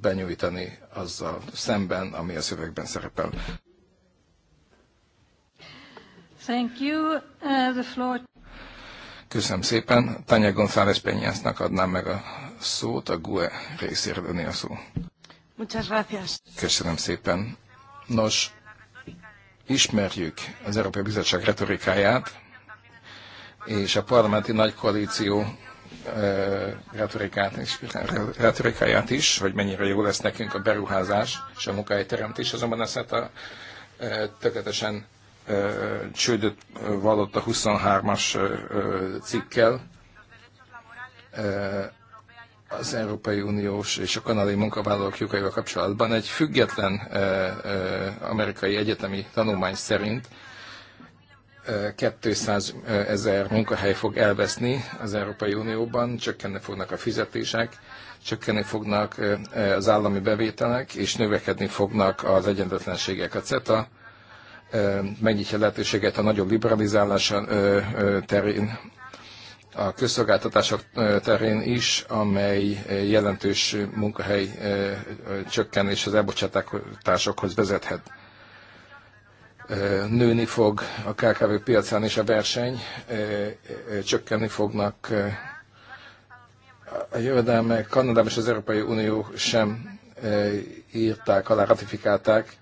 benyújtani azzal szemben, ami a szövegben szerepel. Thank you. Uh, the floor... Köszönöm szépen. Tanya González Peñasnak adnám meg a szót, a GUE részéről a szó. Muchas gracias. Köszönöm szépen. Nos, ismerjük az Európai Bizottság retorikáját, és a parlamenti nagy koalíció eh, retorikát is, retorikáját is, hogy mennyire jó lesz nekünk a beruházás és a munkahelyteremtés, azonban ezt hát a eh, tökéletesen csődöt vallott a 23-as cikkel az Európai Uniós és a kanadai munkavállalók jogaival kapcsolatban. Egy független amerikai egyetemi tanulmány szerint 200 ezer munkahely fog elveszni az Európai Unióban, csökkenni fognak a fizetések, csökkenni fognak az állami bevételek, és növekedni fognak az egyenlőtlenségek. A CETA megnyitja lehetőséget a nagyobb liberalizálás terén, a közszolgáltatások terén is, amely jelentős munkahely csökkenés az elbocsátásokhoz vezethet. Nőni fog a KKV piacán is a verseny, csökkenni fognak a jövedelmek. Kanadában és az Európai Unió sem írták alá, ratifikálták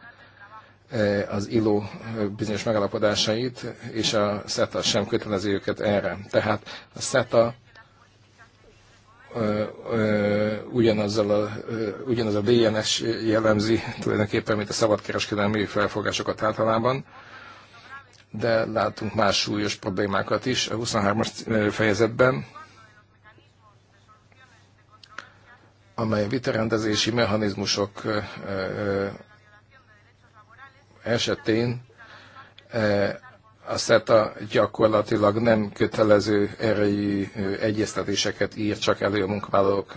Eh, az ILO eh, bizonyos megalapodásait, és a SETA sem kötelezi őket erre. Tehát a SETA eh, ugyanazzal a, ugyanaz a DNS jellemzi tulajdonképpen, mint a szabadkereskedelmi felfogásokat általában, de látunk más súlyos problémákat is a 23-as fejezetben, amely a vitarendezési mechanizmusok esetén e, a SETA gyakorlatilag nem kötelező erejű egyeztetéseket ír csak elő a munkavállalók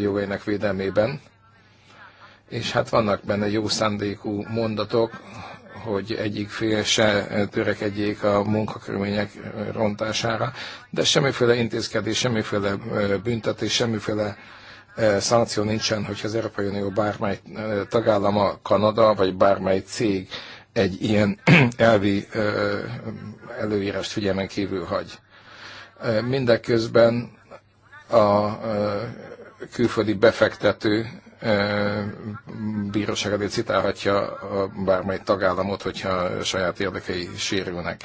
jogainak védelmében. És hát vannak benne jó szándékú mondatok, hogy egyik fél se törekedjék a munkakörülmények rontására, de semmiféle intézkedés, semmiféle büntetés, semmiféle Eh, szankció nincsen, hogyha az Európai Unió bármely eh, tagállama, Kanada, vagy bármely cég egy ilyen elvi eh, előírást figyelmen kívül hagy. Mindeközben a külföldi befektető bíróság elé citálhatja bármely tagállamot, hogyha saját érdekei sérülnek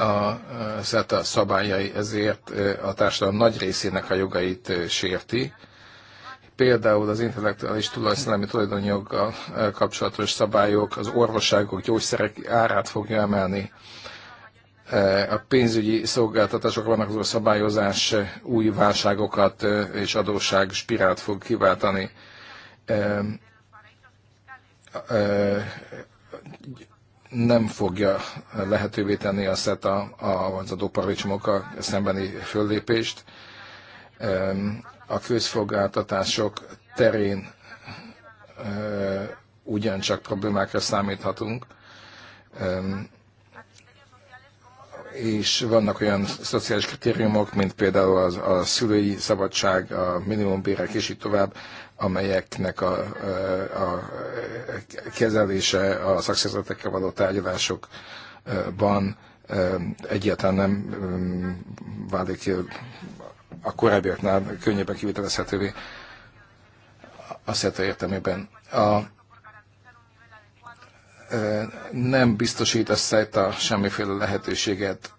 a SETA szabályai ezért a társadalom nagy részének a jogait sérti. Például az intellektuális tulajdonszellemi tulajdonjoggal kapcsolatos szabályok, az orvosságok, gyógyszerek árát fogja emelni. A pénzügyi szolgáltatások vonatkozó szabályozás új válságokat és adósság spirált fog kiváltani nem fogja lehetővé tenni a SETA az a szembeni föllépést. A közfogáltatások terén ugyancsak problémákra számíthatunk, és vannak olyan szociális kritériumok, mint például a szülői szabadság, a minimumbérek és így tovább, amelyeknek a, a kezelése a szakszervezetekkel való tárgyalásokban egyáltalán nem válik a korábbiaknál könnyebben kivitelezhetővé a SZETA értelmében. A nem biztosít a SZETA semmiféle lehetőséget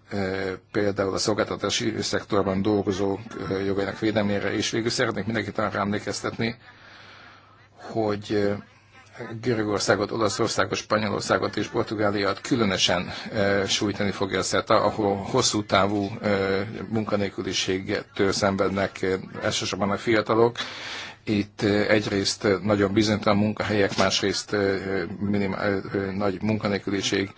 például a szolgáltatási szektorban dolgozók jogainak védelmére, és végül szeretnék mindenkit arra emlékeztetni, hogy Görögországot, Olaszországot, Spanyolországot és Portugáliát különösen sújtani fogja a SZETA, ahol hosszú távú e, munkanélküliségtől szenvednek elsősorban a fiatalok, itt egyrészt nagyon bizonytalan munkahelyek, másrészt minimál, nagy munkanélküliség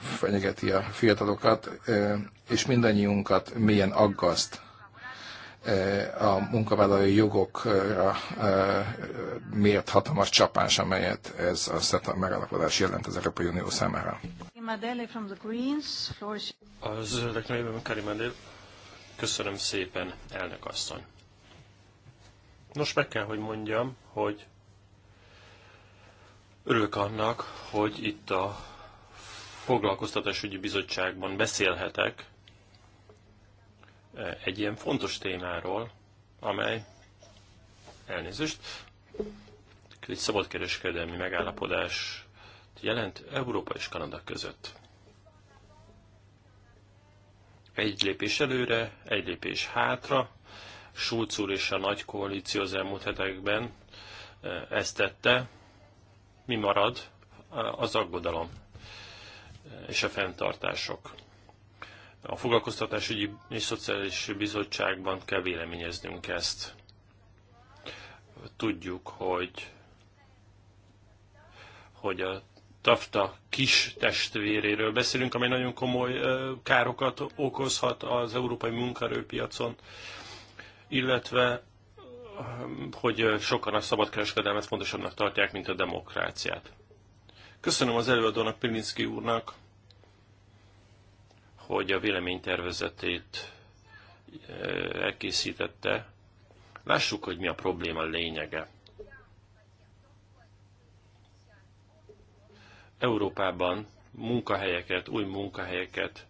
fenyegeti a fiatalokat, és mindannyiunkat milyen aggaszt a munkavállalói jogokra miért hatalmas csapás, amelyet ez a SZETA megállapodás jelent az Európai Unió számára. Az zöldek nevében Karim Köszönöm szépen, elnök asszony. Nos, meg kell, hogy mondjam, hogy örülök annak, hogy itt a foglalkoztatásügyi bizottságban beszélhetek eh, egy ilyen fontos témáról, amely elnézést, egy szabadkereskedelmi megállapodás jelent Európa és Kanada között egy lépés előre, egy lépés hátra. Schulz úr és a nagy koalíció az elmúlt hetekben e, ezt tette. Mi marad? E, az aggodalom és a fenntartások. A foglalkoztatásügyi és szociális bizottságban kell véleményeznünk ezt. Tudjuk, hogy hogy a Tafta kis testvéréről beszélünk, amely nagyon komoly károkat okozhat az európai munkaerőpiacon, illetve hogy sokan a szabadkereskedelmet fontosabbnak tartják, mint a demokráciát. Köszönöm az előadónak, Pilinszki úrnak, hogy a véleménytervezetét elkészítette. Lássuk, hogy mi a probléma lényege. Európában munkahelyeket, új munkahelyeket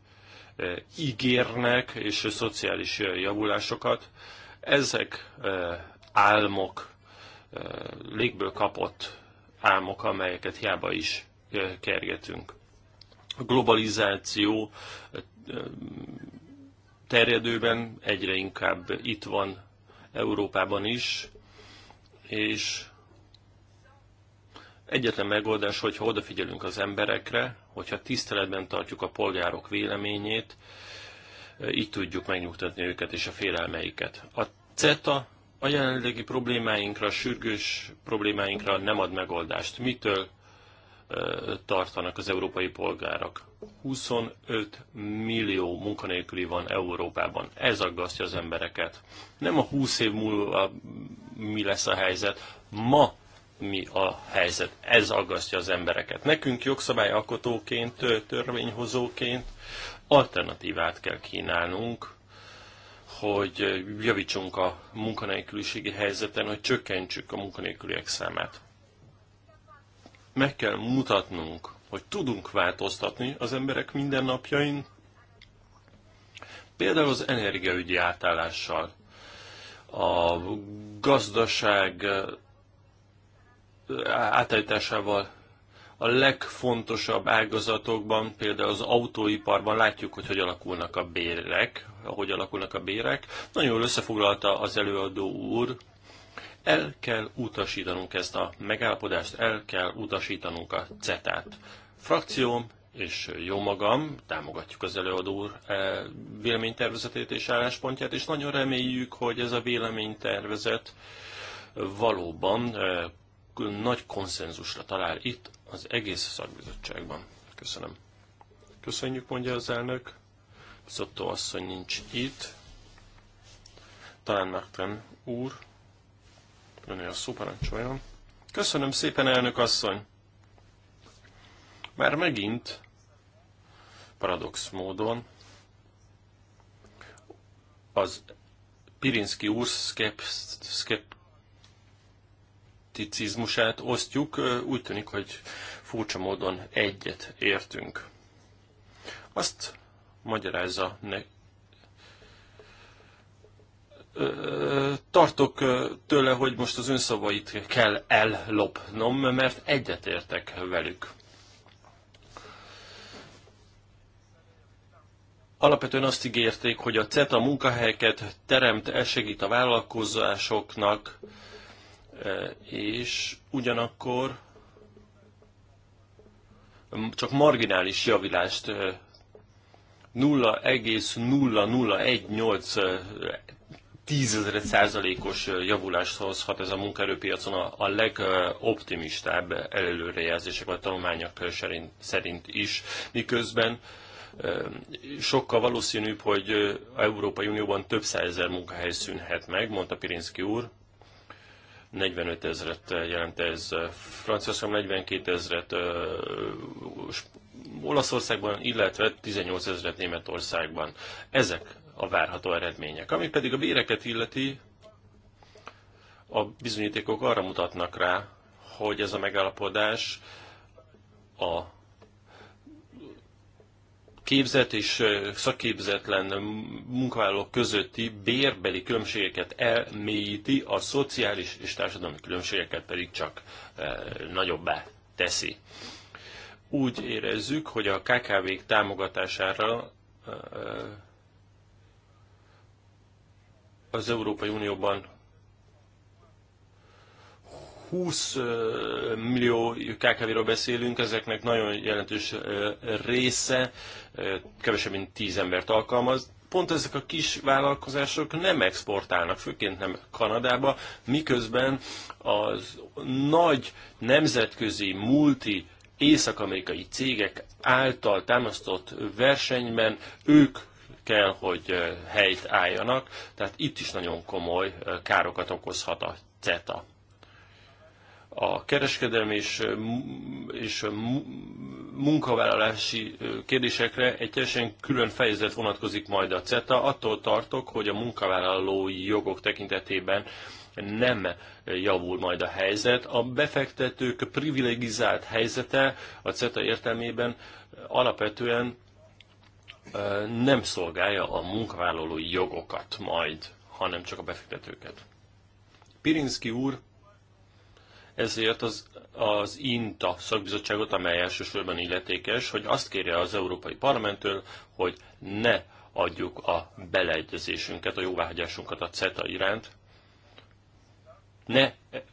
eh, ígérnek, és szociális javulásokat. Ezek eh, álmok, eh, légből kapott álmok, amelyeket hiába is kergetünk. A globalizáció terjedőben egyre inkább itt van Európában is, és Egyetlen megoldás, hogyha odafigyelünk az emberekre, hogyha tiszteletben tartjuk a polgárok véleményét, eh, így tudjuk megnyugtatni őket és a félelmeiket. A CETA a jelenlegi problémáinkra, a sürgős problémáinkra nem ad megoldást. Mitől eh, tartanak az európai polgárok? 25 millió munkanélküli van Európában. Ez aggasztja az embereket. Nem a 20 év múlva mi lesz a helyzet. Ma mi a helyzet. Ez aggasztja az embereket. Nekünk jogszabályalkotóként, törvényhozóként alternatívát kell kínálnunk, hogy javítsunk a munkanélküliségi helyzeten, hogy csökkentsük a munkanélküliek számát. Meg kell mutatnunk, hogy tudunk változtatni az emberek mindennapjain, például az energiaügyi átállással, a gazdaság átállításával a legfontosabb ágazatokban, például az autóiparban látjuk, hogy hogy alakulnak a bérek, ahogy alakulnak a bérek. Nagyon jól összefoglalta az előadó úr, el kell utasítanunk ezt a megállapodást, el kell utasítanunk a Z-t. Frakcióm és jó magam, támogatjuk az előadó úr eh, véleménytervezetét és álláspontját, és nagyon reméljük, hogy ez a véleménytervezet valóban eh, nagy konszenzusra talál itt az egész szakbizottságban. Köszönöm. Köszönjük, mondja az elnök. Szottó asszony nincs itt. Talán Márten úr. Önő a szóparancsoljon. Köszönöm szépen, elnök asszony. Már megint, paradox módon, az Pirinski úr szkep, szkep, szkepticizmusát osztjuk, úgy tűnik, hogy furcsa módon egyet értünk. Azt magyarázza ne... Tartok tőle, hogy most az önszavait kell ellopnom, mert egyet értek velük. Alapvetően azt ígérték, hogy a CETA munkahelyeket teremt, elsegít a vállalkozásoknak, Eh, és ugyanakkor csak marginális javulást 0,0018 eh, eh, tízezred százalékos javulást hozhat ez a munkaerőpiacon a, a legoptimistább előrejelzések vagy tanulmányok szerint is, miközben sokkal valószínűbb, hogy Európai Unióban több százezer munkahely szűnhet meg, mondta Pirinszki úr, 45 ezret jelent ez, Franciaországban 42 ezret, Olaszországban, illetve 18 ezret Németországban. Ezek a várható eredmények. Ami pedig a béreket illeti, a bizonyítékok arra mutatnak rá, hogy ez a megállapodás a képzett és szakképzetlen munkavállalók közötti bérbeli különbségeket elmélyíti, a szociális és társadalmi különbségeket pedig csak nagyobbá teszi. Úgy érezzük, hogy a KKV-k támogatására az Európai Unióban 20 millió KKV-ről beszélünk, ezeknek nagyon jelentős része kevesebb, mint 10 embert alkalmaz. Pont ezek a kis vállalkozások nem exportálnak, főként nem Kanadába, miközben az nagy nemzetközi multi észak-amerikai cégek által támasztott versenyben ők kell, hogy helyt álljanak, tehát itt is nagyon komoly károkat okozhat a CETA a kereskedelmi és, és munkavállalási kérdésekre egy teljesen külön fejezet vonatkozik majd a CETA. Attól tartok, hogy a munkavállalói jogok tekintetében nem javul majd a helyzet. A befektetők privilegizált helyzete a CETA értelmében alapvetően nem szolgálja a munkavállalói jogokat majd, hanem csak a befektetőket. Pirinski úr ezért az, az INTA szakbizottságot, amely elsősorban illetékes, hogy azt kérje az Európai Parlamenttől, hogy ne adjuk a beleegyezésünket, a jóváhagyásunkat a CETA iránt. Ne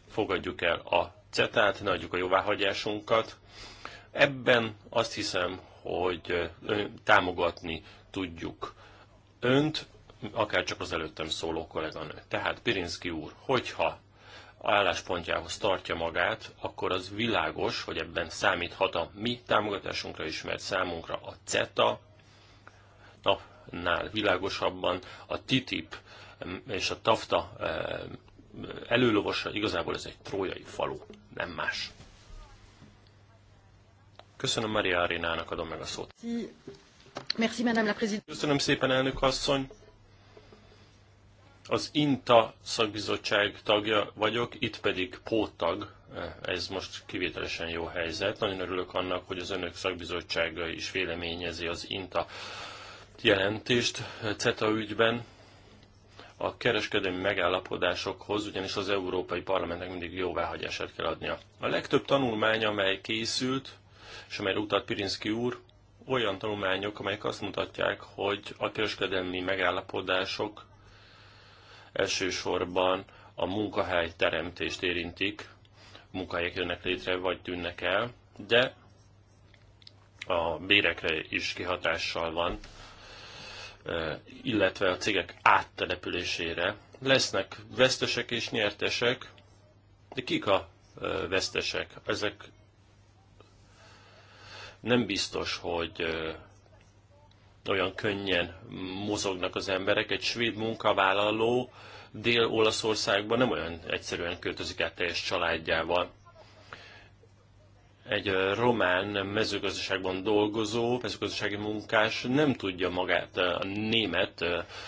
fogadjuk el a CETA-t, ne adjuk a jóváhagyásunkat. Ebben azt hiszem, hogy támogatni tudjuk önt, akár csak az előttem szóló kolléganő. Tehát Pirinszki úr, hogyha álláspontjához tartja magát, akkor az világos, hogy ebben számíthat a mi támogatásunkra is, mert számunkra a CETA napnál világosabban a TTIP és a TAFTA előlovosa, igazából ez egy trójai falu, nem más. Köszönöm Maria Arénának, adom meg a szót. Merci, Madame la Köszönöm szépen, elnök asszony. Az INTA szakbizottság tagja vagyok, itt pedig póttag, ez most kivételesen jó helyzet. Nagyon örülök annak, hogy az önök szakbizottsága is véleményezi az INTA jelentést CETA ügyben. A kereskedelmi megállapodásokhoz ugyanis az Európai Parlamentnek mindig jóváhagyását kell adnia. A legtöbb tanulmány, amely készült, és amelyre utalt Pirinszki úr, olyan tanulmányok, amelyek azt mutatják, hogy a kereskedelmi megállapodások elsősorban a munkahely teremtést érintik, munkahelyek jönnek létre, vagy tűnnek el, de a bérekre is kihatással van, illetve a cégek áttelepülésére. Lesznek vesztesek és nyertesek, de kik a vesztesek? Ezek nem biztos, hogy olyan könnyen mozognak az emberek. Egy svéd munkavállaló Dél-Olaszországban nem olyan egyszerűen költözik át teljes családjával. Egy román mezőgazdaságban dolgozó, mezőgazdasági munkás nem tudja magát a német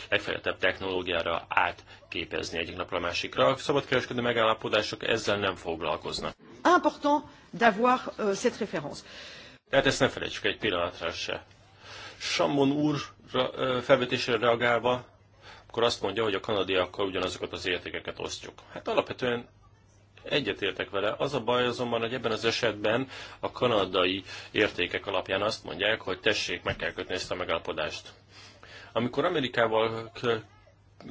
legfejlettebb technológiára átképezni egyik napra a másikra. A szabadkereskedő megállapodások ezzel nem foglalkoznak. Important d'avoir euh, cette référence. Tehát ezt ne felejtsük egy pillanatra se. Sammon úr felvetésére reagálva, akkor azt mondja, hogy a kanadiakkal ugyanazokat az értékeket osztjuk. Hát alapvetően egyetértek vele. Az a baj azonban, hogy ebben az esetben a kanadai értékek alapján azt mondják, hogy tessék, meg kell kötni ezt a megállapodást. Amikor Amerikával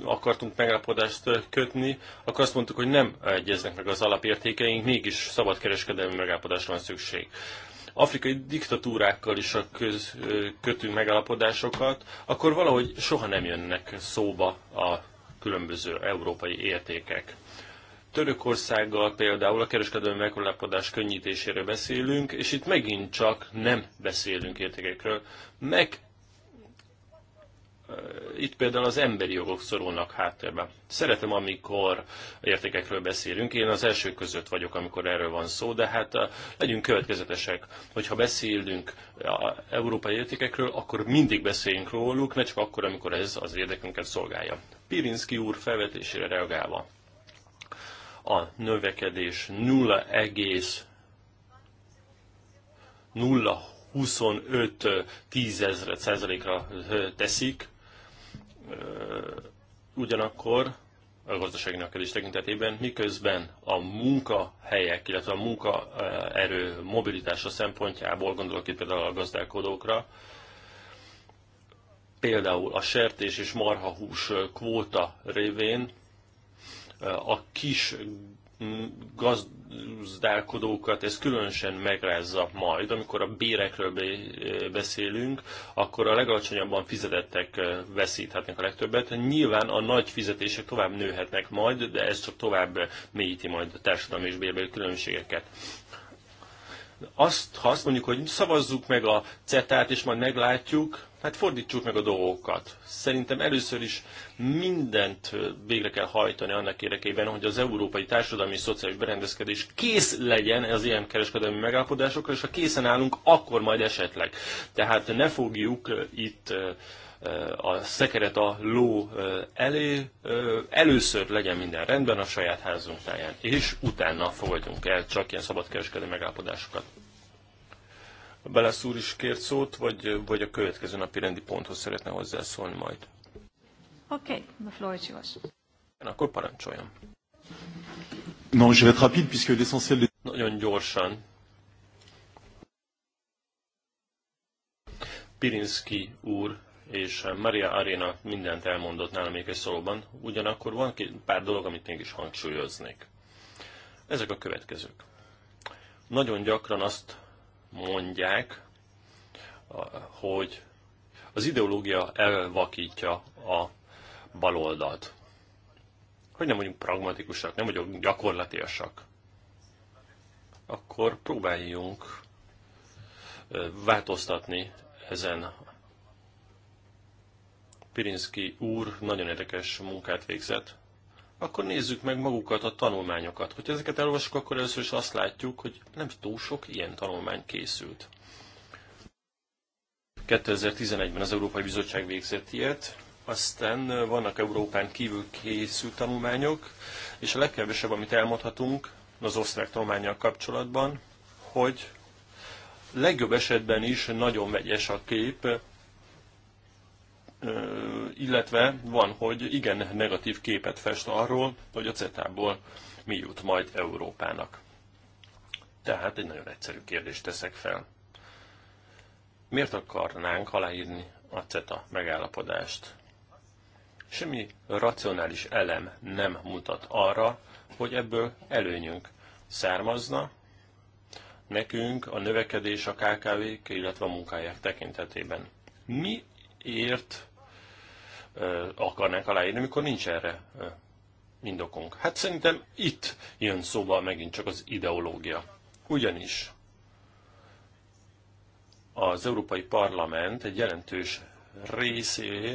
akartunk megállapodást kötni, akkor azt mondtuk, hogy nem egyeznek meg az alapértékeink, mégis szabadkereskedelmi megállapodásra van szükség afrikai diktatúrákkal is a köz, kötünk megállapodásokat, akkor valahogy soha nem jönnek szóba a különböző európai értékek. Törökországgal például a kereskedelmi megállapodás könnyítéséről beszélünk, és itt megint csak nem beszélünk értékekről. Meg itt például az emberi jogok szorulnak háttérbe. Szeretem, amikor értékekről beszélünk. Én az első között vagyok, amikor erről van szó, de hát legyünk következetesek. Hogyha beszélünk a európai értékekről, akkor mindig beszéljünk róluk, ne csak akkor, amikor ez az érdekünket szolgálja. Pirinski úr felvetésére reagálva. A növekedés 0,025 tízezre százalékra teszik ugyanakkor a gazdasági növekedés tekintetében, miközben a munkahelyek, illetve a munkaerő mobilitása szempontjából, gondolok itt például a gazdálkodókra, például a sertés és marhahús kvóta révén a kis gazdálkodókat ez különösen megrázza majd, amikor a bérekről beszélünk, akkor a legalacsonyabban fizetettek veszíthetnek a legtöbbet. Nyilván a nagy fizetések tovább nőhetnek majd, de ez csak tovább mélyíti majd a társadalmi és bérbeli különbségeket. Azt, ha azt mondjuk, hogy szavazzuk meg a CETA-t, és majd meglátjuk, hát fordítsuk meg a dolgokat. Szerintem először is mindent végre kell hajtani annak érdekében, hogy az európai társadalmi és szociális berendezkedés kész legyen az ilyen kereskedelmi megállapodásokra, és ha készen állunk, akkor majd esetleg. Tehát ne fogjuk eh, itt eh, a szekeret a ló elé, először legyen minden rendben a saját házunk táján, és utána fogadjunk el csak ilyen szabadkereskedő megállapodásokat. Belesz úr is kért szót, vagy, vagy a következő napi rendi ponthoz szeretne hozzászólni majd? Oké, okay, the floor is yours. Akkor parancsoljam. Non, je vais être rapide puisque l'essentiel Nagyon gyorsan. Pirinski úr és Maria Arena mindent elmondott nálam még egy szóban, ugyanakkor van két pár dolog, amit mégis hangsúlyoznék. Ezek a következők. Nagyon gyakran azt mondják, hogy az ideológia elvakítja a baloldalt. Hogy nem vagyunk pragmatikusak, nem vagyunk gyakorlatiasak. Akkor próbáljunk változtatni ezen Pirinski úr nagyon érdekes munkát végzett. Akkor nézzük meg magukat a tanulmányokat. Hogyha ezeket elolvassuk, akkor először is azt látjuk, hogy nem túl sok ilyen tanulmány készült. 2011-ben az Európai Bizottság végzett ilyet, aztán vannak Európán kívül készült tanulmányok, és a legkevesebb, amit elmondhatunk az osztrák tanulmányjal kapcsolatban, hogy legjobb esetben is nagyon vegyes a kép, illetve van, hogy igen negatív képet fest arról, hogy a CETA-ból mi jut majd Európának. Tehát egy nagyon egyszerű kérdést teszek fel. Miért akarnánk aláírni a CETA megállapodást? Semmi racionális elem nem mutat arra, hogy ebből előnyünk származna, nekünk a növekedés a KKV-k, illetve a munkáják tekintetében. Mi ért akarnánk aláírni, amikor nincs erre indokunk. Hát szerintem itt jön szóba megint csak az ideológia. Ugyanis az Európai Parlament egy jelentős részé,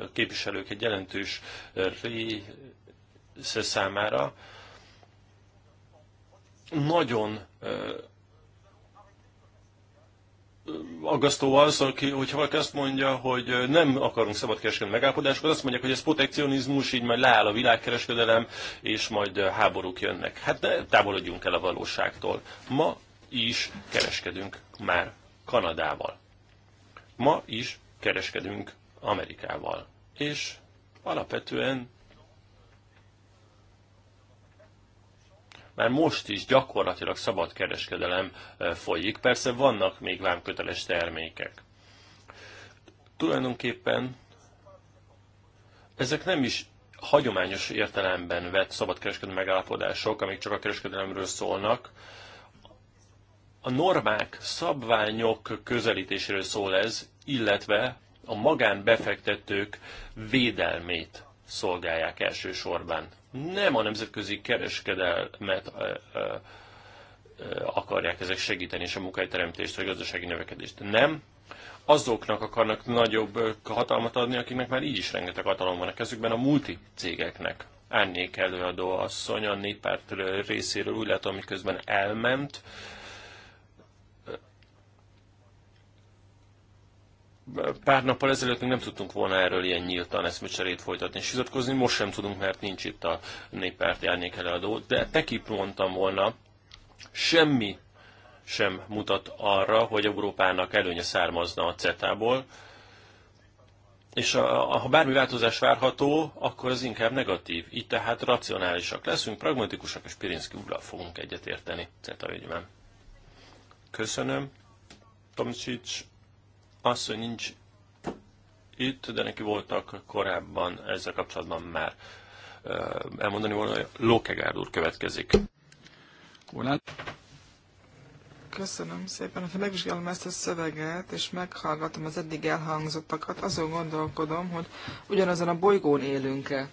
a képviselők egy jelentős része számára nagyon aggasztó az, aki, hogyha valaki azt mondja, hogy nem akarunk szabadkereskedelmi megállapodásokat, azt mondják, hogy ez protekcionizmus, így majd leáll a világkereskedelem, és majd háborúk jönnek. Hát ne távolodjunk el a valóságtól. Ma is kereskedünk már Kanadával. Ma is kereskedünk Amerikával. És alapvetően már most is gyakorlatilag szabad kereskedelem eh, folyik. Persze vannak még vámköteles termékek. Tulajdonképpen ezek nem is hagyományos értelemben vett szabadkereskedelmi megállapodások, amik csak a kereskedelemről szólnak, a normák, szabványok közelítéséről szól ez, illetve a magánbefektetők védelmét szolgálják elsősorban nem a nemzetközi kereskedelmet akarják ezek segíteni, és a munkahelyteremtést, vagy a gazdasági növekedést. Nem. Azoknak akarnak nagyobb hatalmat adni, akiknek már így is rengeteg hatalom van a kezükben, a multi cégeknek. Árnyék előadó asszony a néppárt részéről úgy látom, miközben elment, pár nappal ezelőtt még nem tudtunk volna erről ilyen nyíltan eszmecserét folytatni és hizatkozni, most sem tudunk, mert nincs itt a néppárt járnék előadó, de te mondtam volna, semmi sem mutat arra, hogy Európának előnye származna a CETA-ból, és a, a, ha bármi változás várható, akkor az inkább negatív. Így tehát racionálisak leszünk, pragmatikusak, és Pirinszki úrral fogunk egyetérteni CETA ügyben. Köszönöm. Tomcsics hogy nincs itt, de neki voltak korábban ezzel kapcsolatban már elmondani volna, Lókegárd úr következik. Köszönöm szépen. Ha megvizsgálom ezt a szöveget, és meghallgatom az eddig elhangzottakat, azon gondolkodom, hogy ugyanazon a bolygón élünk-e.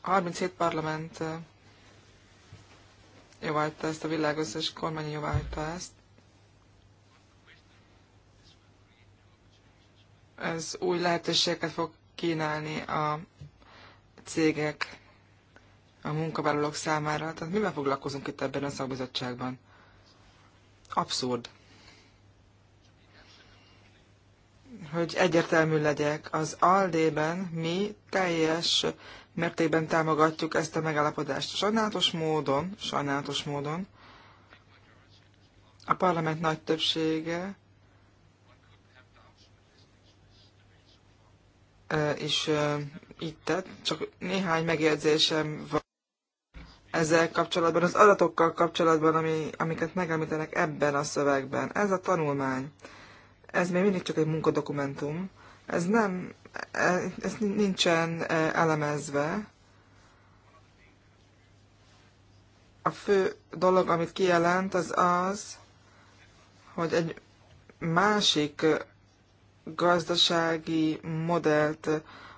37 parlament jóváhagyta ezt a világ összes kormány jóváhagyta ezt. Ez új lehetőséget fog kínálni a cégek, a munkavállalók számára. Tehát mivel foglalkozunk itt ebben a szakbizottságban? Abszurd. Hogy egyértelmű legyek, az Aldében mi teljes mértékben támogatjuk ezt a megállapodást. Sajnálatos módon, sajnálatos módon a parlament nagy többsége és itt tett, csak néhány megjegyzésem van ezzel kapcsolatban, az adatokkal kapcsolatban, ami, amiket megemlítenek ebben a szövegben. Ez a tanulmány, ez még mindig csak egy munkadokumentum, ez nem E, ez nincsen e, elemezve. A fő dolog, amit kijelent, az az, hogy egy másik gazdasági modellt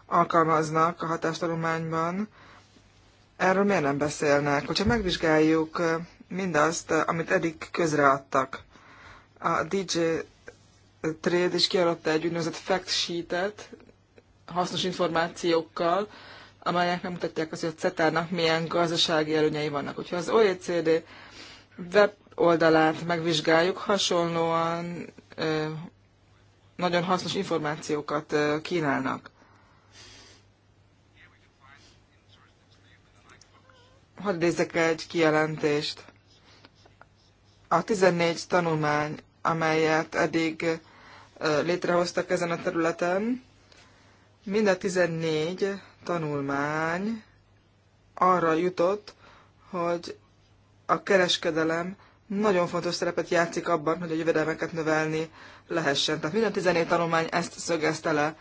alkalmaznak a hatástanulmányban, erről miért nem beszélnek? Hogyha megvizsgáljuk mindazt, amit eddig közreadtak, a DJ Trade is kiadta egy úgynevezett fact sheetet, hasznos információkkal, amelyek megmutatják azt, hogy a CETA-nak milyen gazdasági előnyei vannak. Hogyha az OECD web oldalát megvizsgáljuk, hasonlóan nagyon hasznos információkat kínálnak. Hadd idézzek egy kijelentést. A 14 tanulmány, amelyet eddig létrehoztak ezen a területen, Mind a 14 tanulmány arra jutott, hogy a kereskedelem nagyon fontos szerepet játszik abban, hogy a jövedelmeket növelni lehessen. Tehát minden 14 tanulmány ezt szögezte le.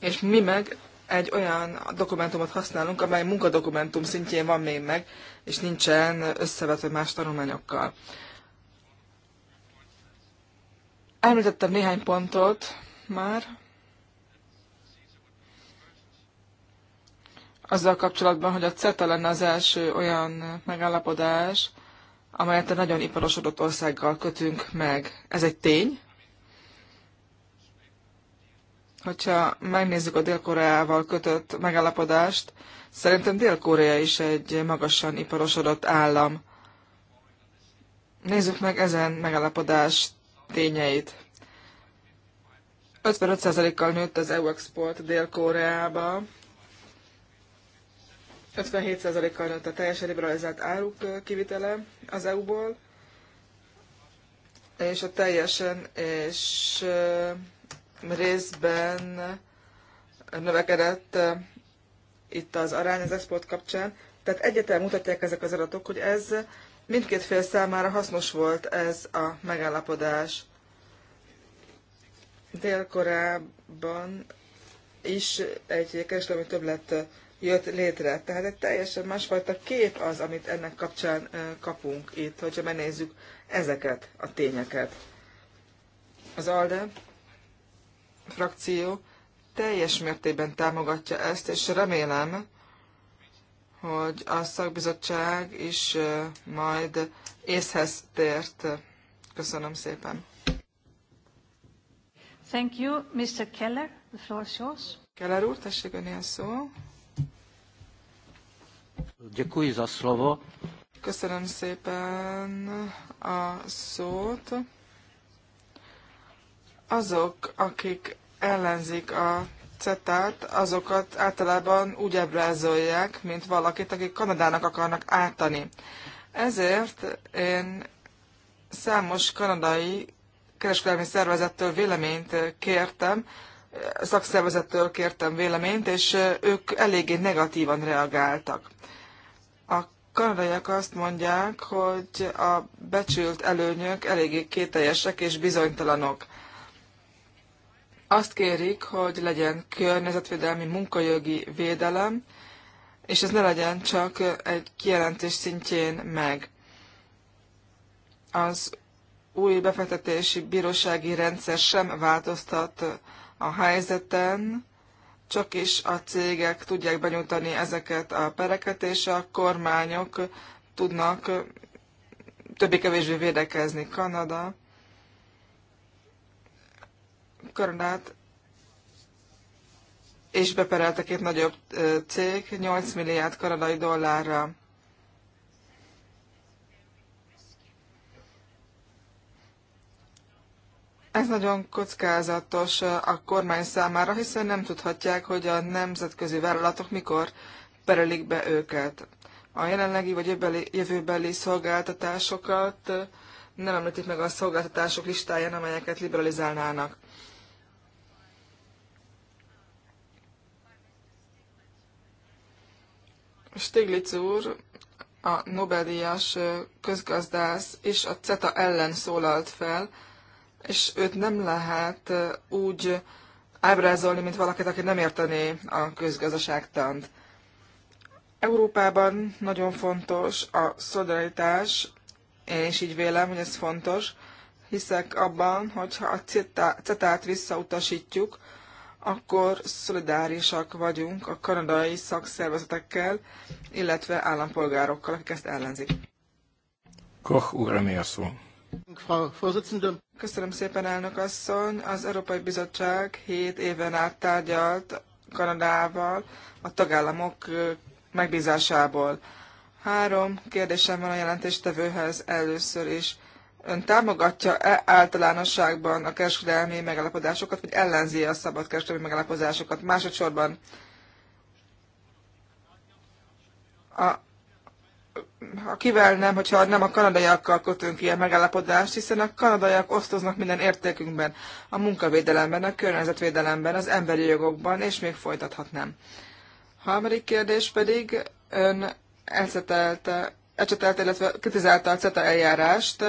És mi meg egy olyan dokumentumot használunk, amely munkadokumentum szintjén van még meg, és nincsen összevetve más tanulmányokkal. Említettem néhány pontot, már. Azzal kapcsolatban, hogy a CETA lenne az első olyan megállapodás, amelyet a nagyon iparosodott országgal kötünk meg. Ez egy tény. Hogyha megnézzük a Dél-Koreával kötött megállapodást, szerintem Dél-Korea is egy magasan iparosodott állam. Nézzük meg ezen megállapodás tényeit. 55%-kal nőtt az EU export Dél-Koreába, 57%-kal nőtt a teljesen liberalizált áruk kivitele az EU-ból, és a teljesen és részben növekedett itt az arány az export kapcsán. Tehát egyetem mutatják ezek az adatok, hogy ez mindkét fél számára hasznos volt ez a megállapodás. Délkorában is egy kereskedelmi többlet jött létre. Tehát egy teljesen másfajta kép az, amit ennek kapcsán kapunk itt, hogyha megnézzük ezeket a tényeket. Az ALDE frakció teljes mértékben támogatja ezt, és remélem, hogy a szakbizottság is majd észhez tért. Köszönöm szépen. Thank you. Mr. Keller, the floor is yours. Keller úr, tessék önél szó. Děkuji za slovo. Köszönöm szépen a szót. Azok, akik ellenzik a cetát, azokat általában úgy ábrázolják, mint valakit, akik Kanadának akarnak ártani. Ezért én számos kanadai kereskedelmi szervezettől véleményt kértem, szakszervezettől kértem véleményt, és ők eléggé negatívan reagáltak. A kanadaiak azt mondják, hogy a becsült előnyök eléggé kételjesek és bizonytalanok. Azt kérik, hogy legyen környezetvédelmi munkajogi védelem, és ez ne legyen csak egy kijelentés szintjén meg. Az új befektetési bírósági rendszer sem változtat a helyzeten, csak is a cégek tudják benyújtani ezeket a pereket, és a kormányok tudnak többé-kevésbé védekezni. Kanada, Kanadát és beperelte két nagyobb cég 8 milliárd kanadai dollárra. Ez nagyon kockázatos a kormány számára, hiszen nem tudhatják, hogy a nemzetközi vállalatok mikor perelik be őket. A jelenlegi vagy jövőbeli, szolgáltatásokat nem említik meg a szolgáltatások listáján, amelyeket liberalizálnának. Stiglitz úr, a Nobel-díjas közgazdász is a CETA ellen szólalt fel, és őt nem lehet úgy ábrázolni, mint valakit, aki nem értené a közgazdaságtant. Európában nagyon fontos a szolidaritás, én is így vélem, hogy ez fontos, hiszek abban, hogyha a CETA-t visszautasítjuk, akkor szolidárisak vagyunk a kanadai szakszervezetekkel, illetve állampolgárokkal, akik ezt ellenzik. Koch úr, mi a szó? Köszönöm szépen, elnök asszony. Az Európai Bizottság hét éven át tárgyalt Kanadával a tagállamok megbízásából. Három kérdésem van a jelentéstevőhez először is. Ön támogatja-e általánosságban a kereskedelmi megalapodásokat, vagy ellenzi a szabad kereskedelmi megalapozásokat? Másodszorban a ha kivel nem, hogyha nem a kanadaiakkal kötünk ilyen megállapodást, hiszen a kanadaiak osztoznak minden értékünkben, a munkavédelemben, a környezetvédelemben, az emberi jogokban, és még folytathatnám. Harmadik kérdés pedig, ön elcetelte, illetve kritizálta a CETA eljárást.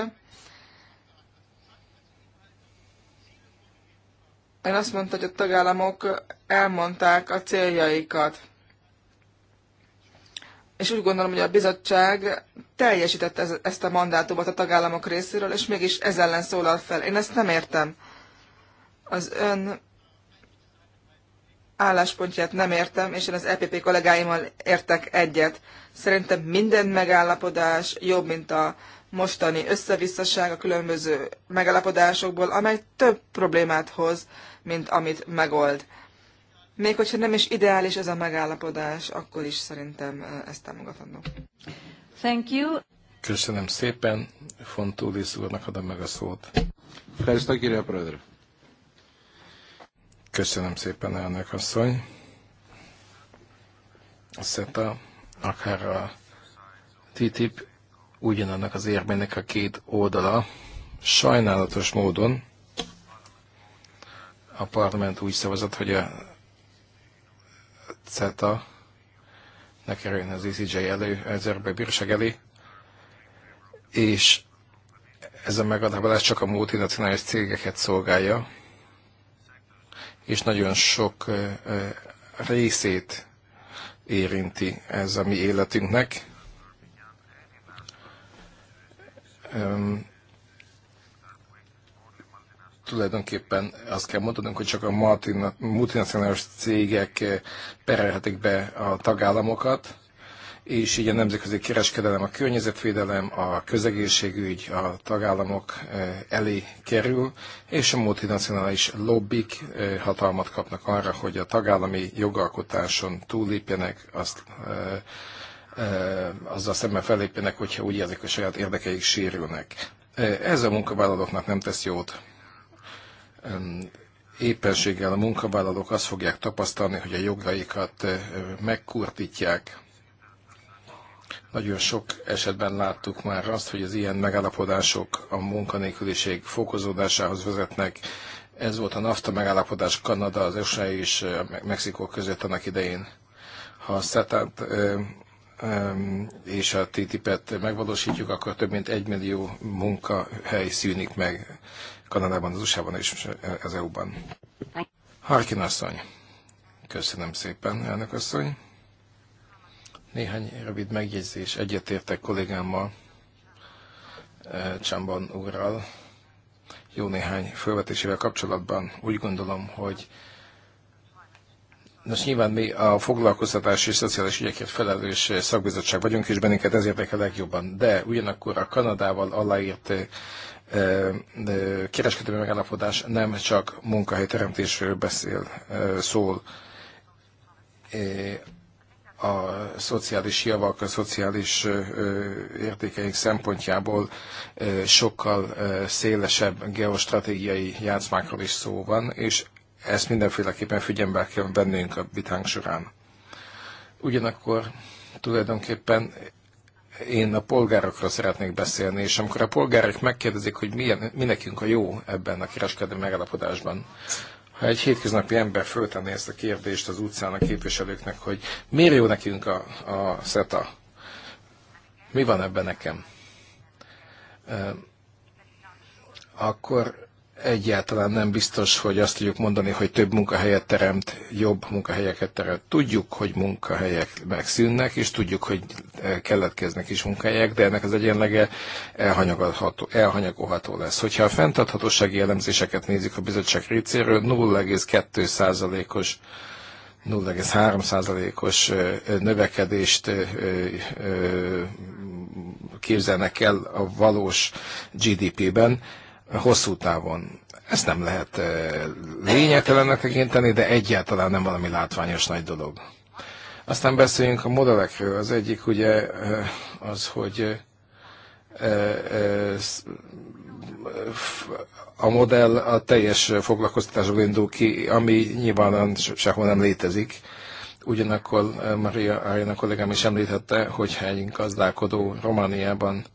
Ön azt mondta, hogy a tagállamok elmondták a céljaikat és úgy gondolom, hogy a bizottság teljesítette ezt a mandátumot a tagállamok részéről, és mégis ez ellen szólal fel. Én ezt nem értem. Az ön álláspontját nem értem, és én az EPP kollégáimmal értek egyet. Szerintem minden megállapodás jobb, mint a mostani összevisszaság a különböző megállapodásokból, amely több problémát hoz, mint amit megold. Még hogyha nem is ideális ez a megállapodás, akkor is szerintem ezt támogatandó. Thank you. Köszönöm szépen. Fontúlis úrnak adom meg a szót. Köszönöm szépen, elnök asszony. A SETA, akár a TTIP ugyanannak az érmének a két oldala. Sajnálatos módon a parlament úgy szavazott, hogy a CETA ne kerüljön az ECJ elő, az Európai Bíróság elé, és ez a megadás csak a multinacionális cégeket szolgálja, és nagyon sok részét érinti ez a mi életünknek tulajdonképpen azt kell mondanunk, hogy csak a multinacionális cégek eh, perelhetik be a tagállamokat, és így a nemzetközi kereskedelem, a környezetvédelem, a közegészségügy a tagállamok eh, elé kerül, és a multinacionális lobbik eh, hatalmat kapnak arra, hogy a tagállami jogalkotáson túllépjenek, azt azzal szemben fellépjenek, hogyha úgy érzik, hogy saját érdekeik sérülnek. Ez a munkavállalóknak nem tesz jót éppenséggel a munkavállalók azt fogják tapasztalni, hogy a jogaikat megkurtítják. Nagyon sok esetben láttuk már azt, hogy az ilyen megállapodások a munkanélküliség fokozódásához vezetnek. Ez volt a NAFTA megállapodás Kanada, az USA és Mexikó között annak idején. Ha a SETAT és a TTIP-et megvalósítjuk, akkor több mint egy millió munkahely szűnik meg Kanadában, az USA-ban és az EU-ban. Harkin asszony. Köszönöm szépen, elnök asszony. Néhány rövid megjegyzés. Egyetértek kollégámmal, eh, Csamban úrral, jó néhány felvetésével kapcsolatban. Úgy gondolom, hogy Nos, nyilván mi a foglalkoztatás és szociális ügyekért felelős szakbizottság vagyunk, és bennünket ez érdekel legjobban. De ugyanakkor a Kanadával aláírt eh, kereskedelmi megállapodás nem csak munkahelyteremtésről beszél, szól, a szociális javak, a szociális értékeink szempontjából sokkal szélesebb geostratégiai játszmákról is szó van, és ezt mindenféleképpen figyelembe kell vennünk a vitánk során. Ugyanakkor tulajdonképpen én a polgárokról szeretnék beszélni, és amikor a polgárok megkérdezik, hogy milyen, mi nekünk a jó ebben a kereskedelmi megállapodásban, ha egy hétköznapi ember föltenné ezt a kérdést az utcán a képviselőknek, hogy miért jó nekünk a, a SETA, mi van ebben nekem, akkor egyáltalán nem biztos, hogy azt tudjuk mondani, hogy több munkahelyet teremt, jobb munkahelyeket teremt. Tudjuk, hogy munkahelyek megszűnnek, és tudjuk, hogy eh, keletkeznek is munkahelyek, de ennek az egyenlege elhanyagolható, elhanyagolható lesz. Hogyha a fenntarthatósági elemzéseket nézzük a bizottság részéről, 0,2%-os 0,3%-os eh, növekedést eh, képzelnek el a valós GDP-ben hosszú távon. Ezt nem lehet eh, lényegtelennek tekinteni, de egyáltalán nem valami látványos nagy dolog. Aztán beszéljünk a modellekről. Az egyik ugye eh, az, hogy eh, a modell a teljes foglalkoztatásból indul ki, ami nyilván sehol nem létezik. Ugyanakkor Maria a kollégám is említette, hogy egy gazdálkodó Romániában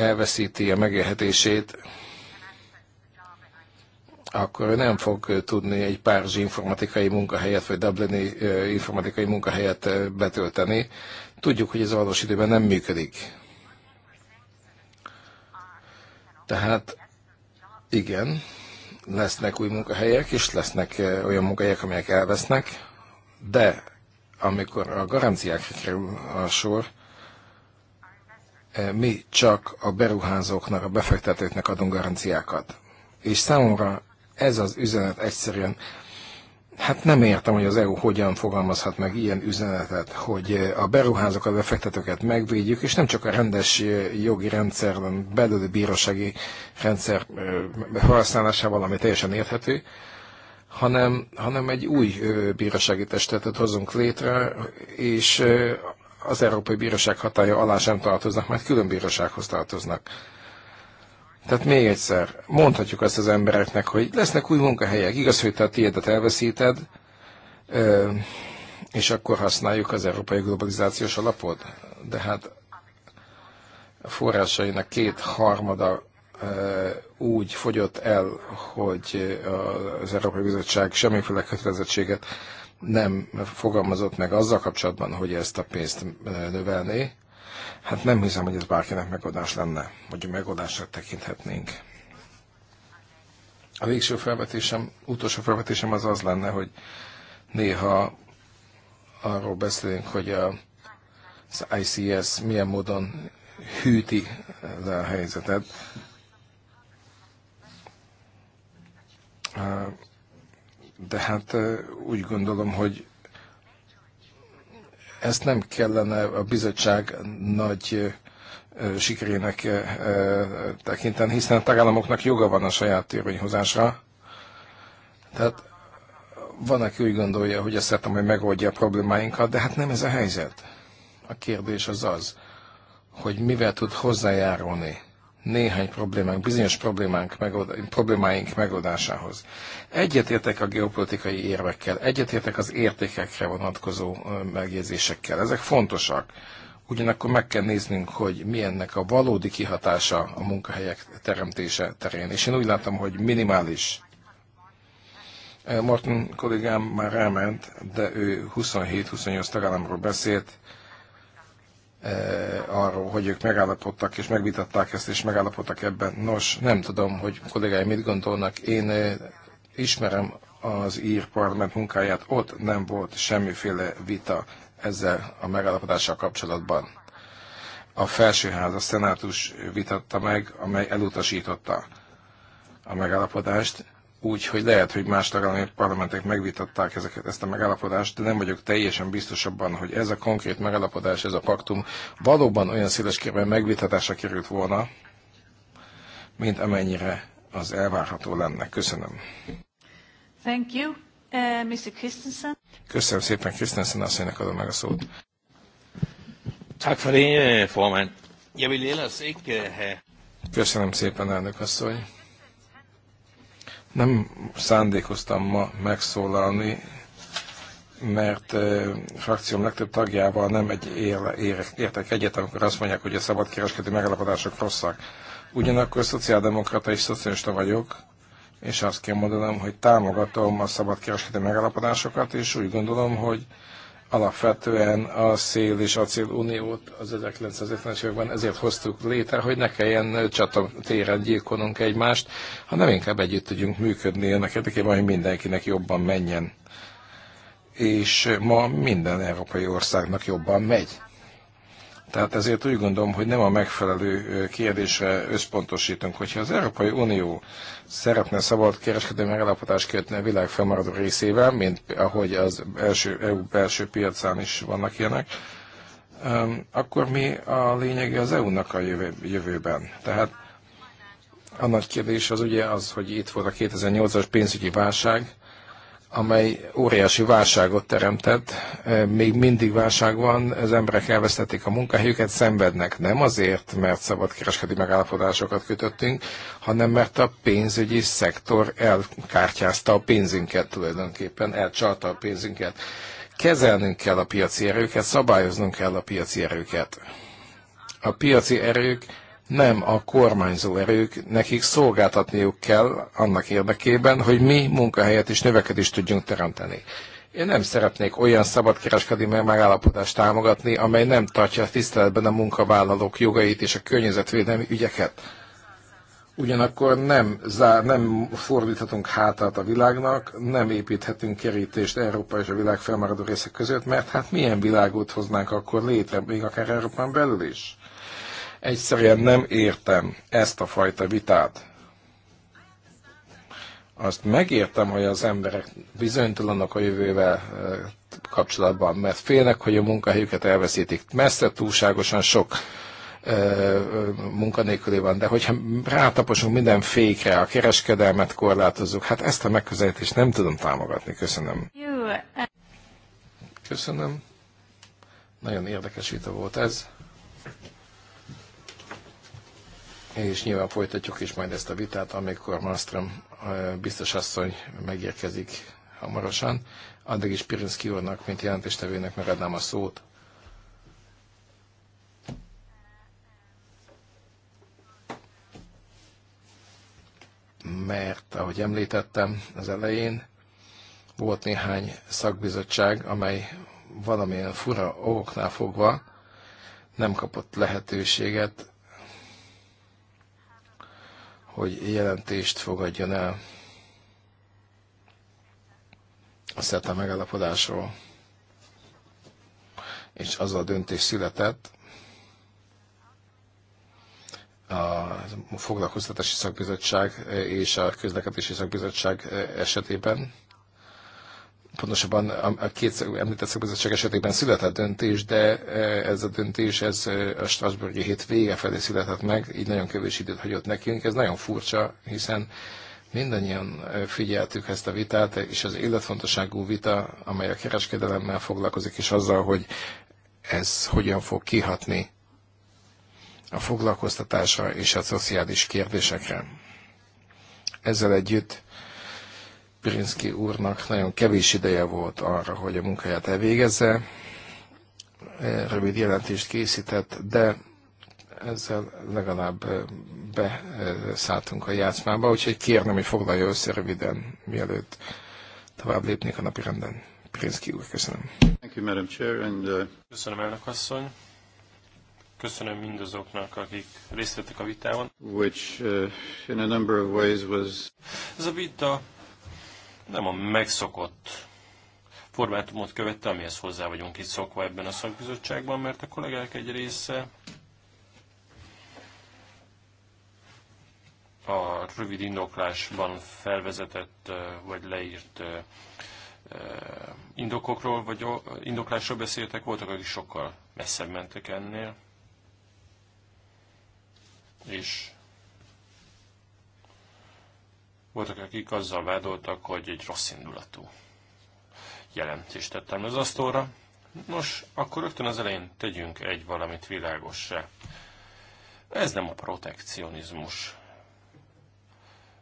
elveszíti a megélhetését, akkor nem fog tudni egy párizsi informatikai munkahelyet, vagy dublini informatikai munkahelyet betölteni. Tudjuk, hogy ez valós időben nem működik. Tehát igen, lesznek új munkahelyek, és lesznek olyan munkahelyek, amelyek elvesznek, de amikor a garanciákra kerül a sor, E, mi csak a beruházóknak, a befektetőknek adunk garanciákat. És számomra ez az üzenet egyszerűen, hát nem értem, hogy az EU hogyan fogalmazhat meg ilyen üzenetet, hogy a beruházók a befektetőket megvédjük, és nem csak a rendes jogi rendszerben, belüli bírósági rendszer felhasználásával, ami teljesen érthető, hanem, hanem egy új bírósági testetet hozunk létre, és az Európai Bíróság hatája alá sem tartoznak, mert külön bírósághoz tartoznak. Tehát még egyszer, mondhatjuk azt az embereknek, hogy lesznek új munkahelyek, igaz, hogy te a tiédet elveszíted, és akkor használjuk az Európai Globalizációs Alapot, de hát a forrásainak két harmada úgy fogyott el, hogy az Európai Bizottság semmiféle kötelezettséget nem fogalmazott meg azzal kapcsolatban, hogy ezt a pénzt növelné, hát nem hiszem, hogy ez bárkinek megoldás lenne, vagy megoldásra tekinthetnénk. A végső felvetésem, utolsó felvetésem az az lenne, hogy néha arról beszélünk, hogy a, az ICS milyen módon hűti le a helyzetet. De hát úgy gondolom, hogy ezt nem kellene a bizottság nagy sikerének tekinteni, hiszen a tagállamoknak joga van a saját törvényhozásra. Tehát van, aki úgy gondolja, hogy ezt szeretem, hogy megoldja a problémáinkat, de hát nem ez a helyzet. A kérdés az az, hogy mivel tud hozzájárulni néhány problémánk, bizonyos problémánk, megoldá, problémáink megoldásához. Egyetértek a geopolitikai érvekkel, egyetértek az értékekre vonatkozó megjegyzésekkel. Ezek fontosak. Ugyanakkor meg kell néznünk, hogy milyennek a valódi kihatása a munkahelyek teremtése terén. És én úgy látom, hogy minimális. Martin kollégám már elment, de ő 27-28 tagállamról beszélt, Eh, arról, hogy ők megállapodtak és megvitatták ezt, és megállapodtak ebben. Nos, nem tudom, hogy kollégáim mit gondolnak. Én eh, ismerem az ír parlament munkáját, ott nem volt semmiféle vita ezzel a megállapodással kapcsolatban. A felsőház, a szenátus vitatta meg, amely elutasította a megállapodást, úgy, hogy lehet, hogy más tagállami parlamentek megvitatták ezeket, ezt a megállapodást, de nem vagyok teljesen biztos abban, hogy ez a konkrét megállapodás, ez a paktum valóban olyan széles kérben megvitatásra került volna, mint amennyire az elvárható lenne. Köszönöm. Thank you. Uh, Mr. Christensen. Köszönöm szépen, Christensen asszonynak adom meg a szót. Tak for det, eh, formand. Eh, Köszönöm szépen, elnök asszony. Nem szándékoztam ma megszólalni, mert frakcióm legtöbb tagjával nem egy érek, értek egyet, amikor azt mondják, hogy a szabadkereskedő megállapodások rosszak. Ugyanakkor szociáldemokrata és szocialista vagyok, és azt kell mondanom, hogy támogatom a szabadkereskedő megállapodásokat, és úgy gondolom, hogy alapvetően a szél és acél uniót az 1950-es években ezért hoztuk létre, hogy ne kelljen téren gyilkolnunk egymást, hanem inkább együtt tudjunk működni ennek érdekében, hogy mindenkinek jobban menjen. És ma minden európai országnak jobban megy. Tehát ezért úgy gondolom, hogy nem a megfelelő kérdésre összpontosítunk. Hogyha az Európai Unió szeretne szabad kereskedelmi megállapodást kötni a világ felmaradó részével, mint ahogy az első, EU belső piacán is vannak ilyenek, akkor mi a lényege az EU-nak a jövőben? Tehát a nagy kérdés az ugye az, hogy itt volt a 2008-as pénzügyi válság, amely óriási válságot teremtett. E, még mindig válság van, az emberek elvesztették a munkahelyüket, szenvednek. Nem azért, mert szabadkereskedő megállapodásokat kötöttünk, hanem mert a pénzügyi szektor elkártyázta a pénzünket tulajdonképpen, elcsalta a pénzünket. Kezelnünk kell a piaci erőket, szabályoznunk kell a piaci erőket. A piaci erők nem a kormányzó erők, nekik szolgáltatniuk kell annak érdekében, hogy mi munkahelyet és növekedést tudjunk teremteni. Én nem szeretnék olyan szabadkereskedelmi megállapodást támogatni, amely nem tartja tiszteletben a munkavállalók jogait és a környezetvédelmi ügyeket. Ugyanakkor nem, zár, nem fordíthatunk hátát a világnak, nem építhetünk kerítést Európa és a világ felmaradó része között, mert hát milyen világot hoznánk akkor létre, még akár Európán belül is. Egyszerűen nem értem ezt a fajta vitát. Azt megértem, hogy az emberek bizonytalanok a jövővel eh, kapcsolatban, mert félnek, hogy a munkahelyüket elveszítik. Messze túlságosan sok eh, munkanélküli van, de hogyha rátaposunk minden fékre, a kereskedelmet korlátozzuk, hát ezt a megközelítést nem tudom támogatni. Köszönöm. Köszönöm. Nagyon érdekes vita volt ez és nyilván folytatjuk is majd ezt a vitát, amikor Malmström biztos asszony megérkezik hamarosan. Addig is Pirinszki úrnak, mint jelentéstevőnek megadnám a szót. Mert, ahogy említettem az elején, volt néhány szakbizottság, amely valamilyen fura oknál fogva nem kapott lehetőséget hogy jelentést fogadjon el a SZETA megállapodásról, és az a döntés született, a foglalkoztatási szakbizottság és a közlekedési szakbizottság esetében, pontosabban a, a két említett szakbizottság esetében született döntés, de e, ez a döntés ez e, a Strasburgi hét vége felé született meg, így nagyon kevés időt hagyott nekünk. Ez nagyon furcsa, hiszen mindannyian e, figyeltük ezt a vitát, és az életfontosságú vita, amely a kereskedelemmel foglalkozik, és azzal, hogy ez hogyan fog kihatni a foglalkoztatásra és a szociális kérdésekre. Ezzel együtt Pirinszki úrnak nagyon kevés ideje volt arra, hogy a munkáját elvégezze. Rövid jelentést készített, de ezzel legalább beszálltunk a játszmába, úgyhogy kérném, hogy foglalja össze röviden, mielőtt tovább lépnék a napi renden. Pirinszki úr, köszönöm. Thank you, Madam Chair, and, uh... Köszönöm, elnök asszony. Köszönöm mindazoknak, akik részt vettek a vitában. Which, uh, in a number of ways was... Ez a vita nem a megszokott formátumot követte, amihez hozzá vagyunk itt szokva ebben a szakbizottságban, mert a kollégák egy része a rövid indoklásban felvezetett vagy leírt indokokról vagy indoklásról beszéltek, voltak, akik sokkal messzebb mentek ennél. És voltak, akik azzal vádoltak, hogy egy rossz indulatú jelentést tettem az asztalra. Nos, akkor rögtön az elején tegyünk egy valamit világosra. Ez nem a protekcionizmus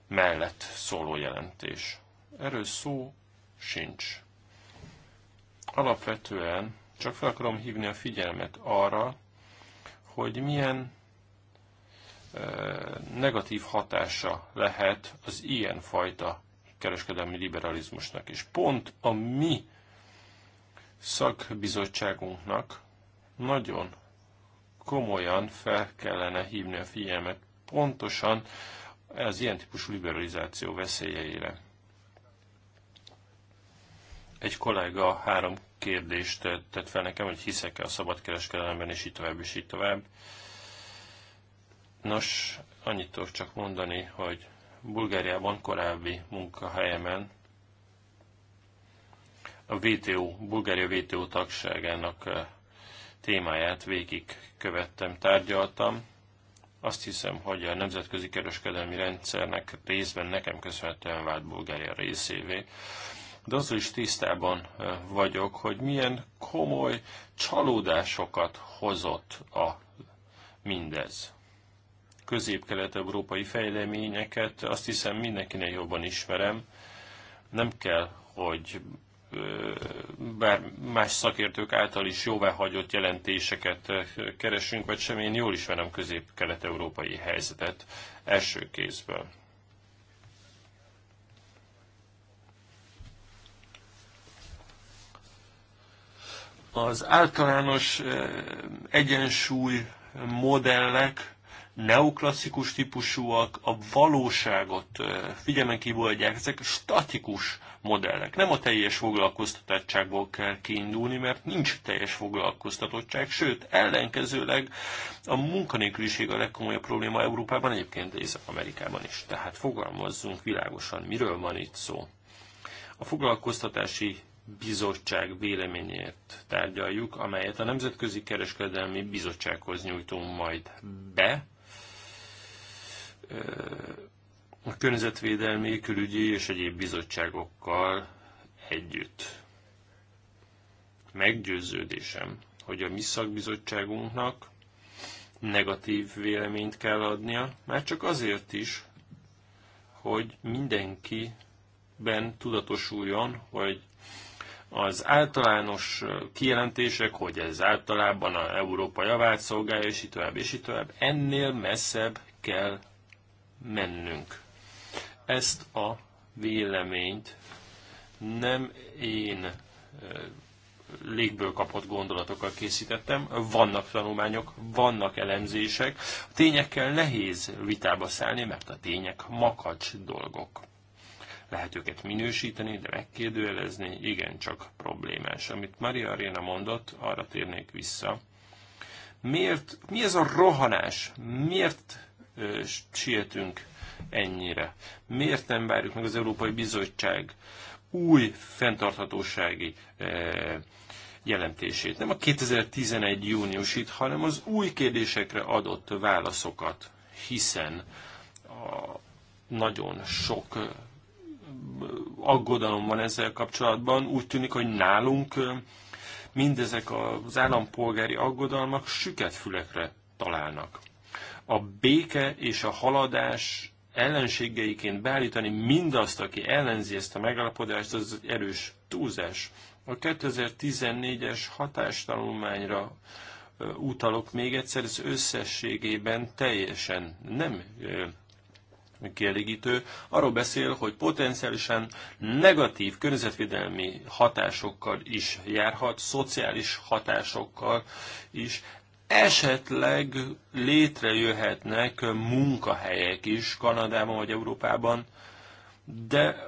mellett szóló jelentés. Erről szó sincs. Alapvetően csak fel akarom hívni a figyelmet arra, hogy milyen negatív hatása lehet az ilyenfajta kereskedelmi liberalizmusnak. És pont a mi szakbizottságunknak nagyon komolyan fel kellene hívni a figyelmet pontosan az ilyen típusú liberalizáció veszélyeire. Egy kollega három kérdést tett fel nekem, hogy hiszek-e a szabadkereskedelemben, és így tovább, és így tovább. Nos, annyit tudok csak mondani, hogy Bulgáriában korábbi munkahelyemen a VTO, Bulgária VTO tagságának eh, témáját végig követtem, tárgyaltam. Azt hiszem, hogy a nemzetközi kereskedelmi rendszernek részben nekem köszönhetően vált Bulgária részévé. De azzal is tisztában eh, vagyok, hogy milyen komoly csalódásokat hozott a mindez közép-kelet-európai fejleményeket azt hiszem mindenkinek jobban ismerem. Nem kell, hogy bár más szakértők által is jóváhagyott jelentéseket keresünk, vagy sem, én jól ismerem közép-kelet-európai helyzetet első kézből. Az általános egyensúly modellek neoklasszikus típusúak, a valóságot figyelmen kívül adják, ezek statikus modellek. Nem a teljes foglalkoztatottságból kell kiindulni, mert nincs teljes foglalkoztatottság, sőt, ellenkezőleg a munkanélküliség a legkomolyabb probléma Európában, egyébként Észak-Amerikában is. Tehát fogalmazzunk világosan, miről van itt szó. A foglalkoztatási bizottság véleményét tárgyaljuk, amelyet a Nemzetközi Kereskedelmi Bizottsághoz nyújtunk majd be a környezetvédelmi, külügyi és egyéb bizottságokkal együtt. Meggyőződésem, hogy a mi szakbizottságunknak negatív véleményt kell adnia, már csak azért is, hogy mindenkiben tudatosuljon, hogy az általános kijelentések, hogy ez általában a Európa javát szolgálja, és így tovább, és így tovább, ennél messzebb kell mennünk. Ezt a véleményt nem én légből kapott gondolatokkal készítettem. Vannak tanulmányok, vannak elemzések. A tényekkel nehéz vitába szállni, mert a tények makacs dolgok. Lehet őket minősíteni, de megkérdőjelezni igencsak problémás. Amit Maria Arena mondott, arra térnék vissza. Miért, mi ez a rohanás? Miért sietünk ennyire? Miért nem várjuk meg az Európai Bizottság új fenntarthatósági jelentését? Nem a 2011 júniusit, hanem az új kérdésekre adott válaszokat, hiszen a nagyon sok aggodalom van ezzel kapcsolatban. Úgy tűnik, hogy nálunk mindezek az állampolgári aggodalmak süket fülekre találnak a béke és a haladás ellenségeiként beállítani mindazt, aki ellenzi ezt a megállapodást, az erős túlzás. A 2014-es hatástanulmányra utalok még egyszer, ez összességében teljesen nem kielégítő. Arról beszél, hogy potenciálisan negatív környezetvédelmi hatásokkal is járhat, szociális hatásokkal is esetleg létrejöhetnek munkahelyek is Kanadában vagy Európában, de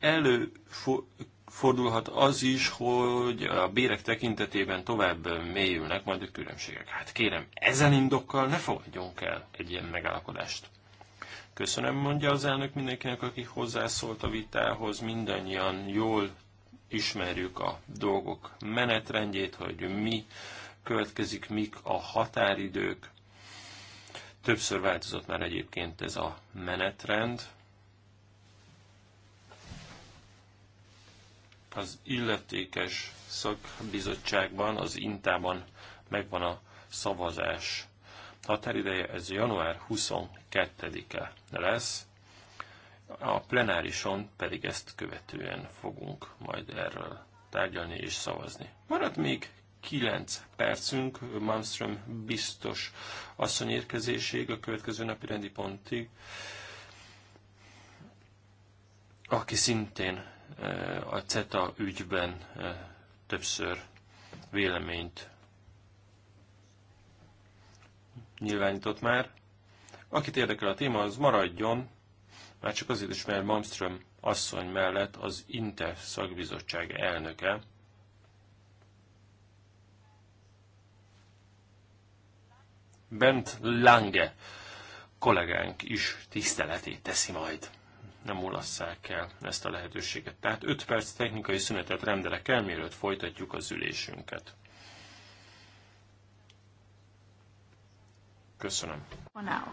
előfordulhat az is, hogy a bérek tekintetében tovább mélyülnek majd a különbségek. Hát kérem, ezen indokkal ne fogadjunk el egy ilyen megállapodást. Köszönöm, mondja az elnök mindenkinek, aki hozzászólt a vitához. Mindannyian jól ismerjük a dolgok menetrendjét, hogy mi következik, mik a határidők. Többször változott már egyébként ez a menetrend. Az illetékes szakbizottságban, az Intában megvan a szavazás határideje, ez január 22-e lesz, a plenárison pedig ezt követően fogunk majd erről tárgyalni és szavazni. Marad még 9 percünk Malmström biztos asszony érkezéséig, a következő napi rendi pontig, aki szintén eh, a CETA ügyben eh, többször véleményt nyilvánított már. Akit érdekel a téma, az maradjon, már csak azért is, mert Malmström asszony mellett az Inter szakbizottság elnöke, Bent Lange kollégánk is tiszteletét teszi majd. Nem olasszák el ezt a lehetőséget. Tehát 5 perc technikai szünetet rendelek el, mielőtt folytatjuk az ülésünket. Köszönöm. For now.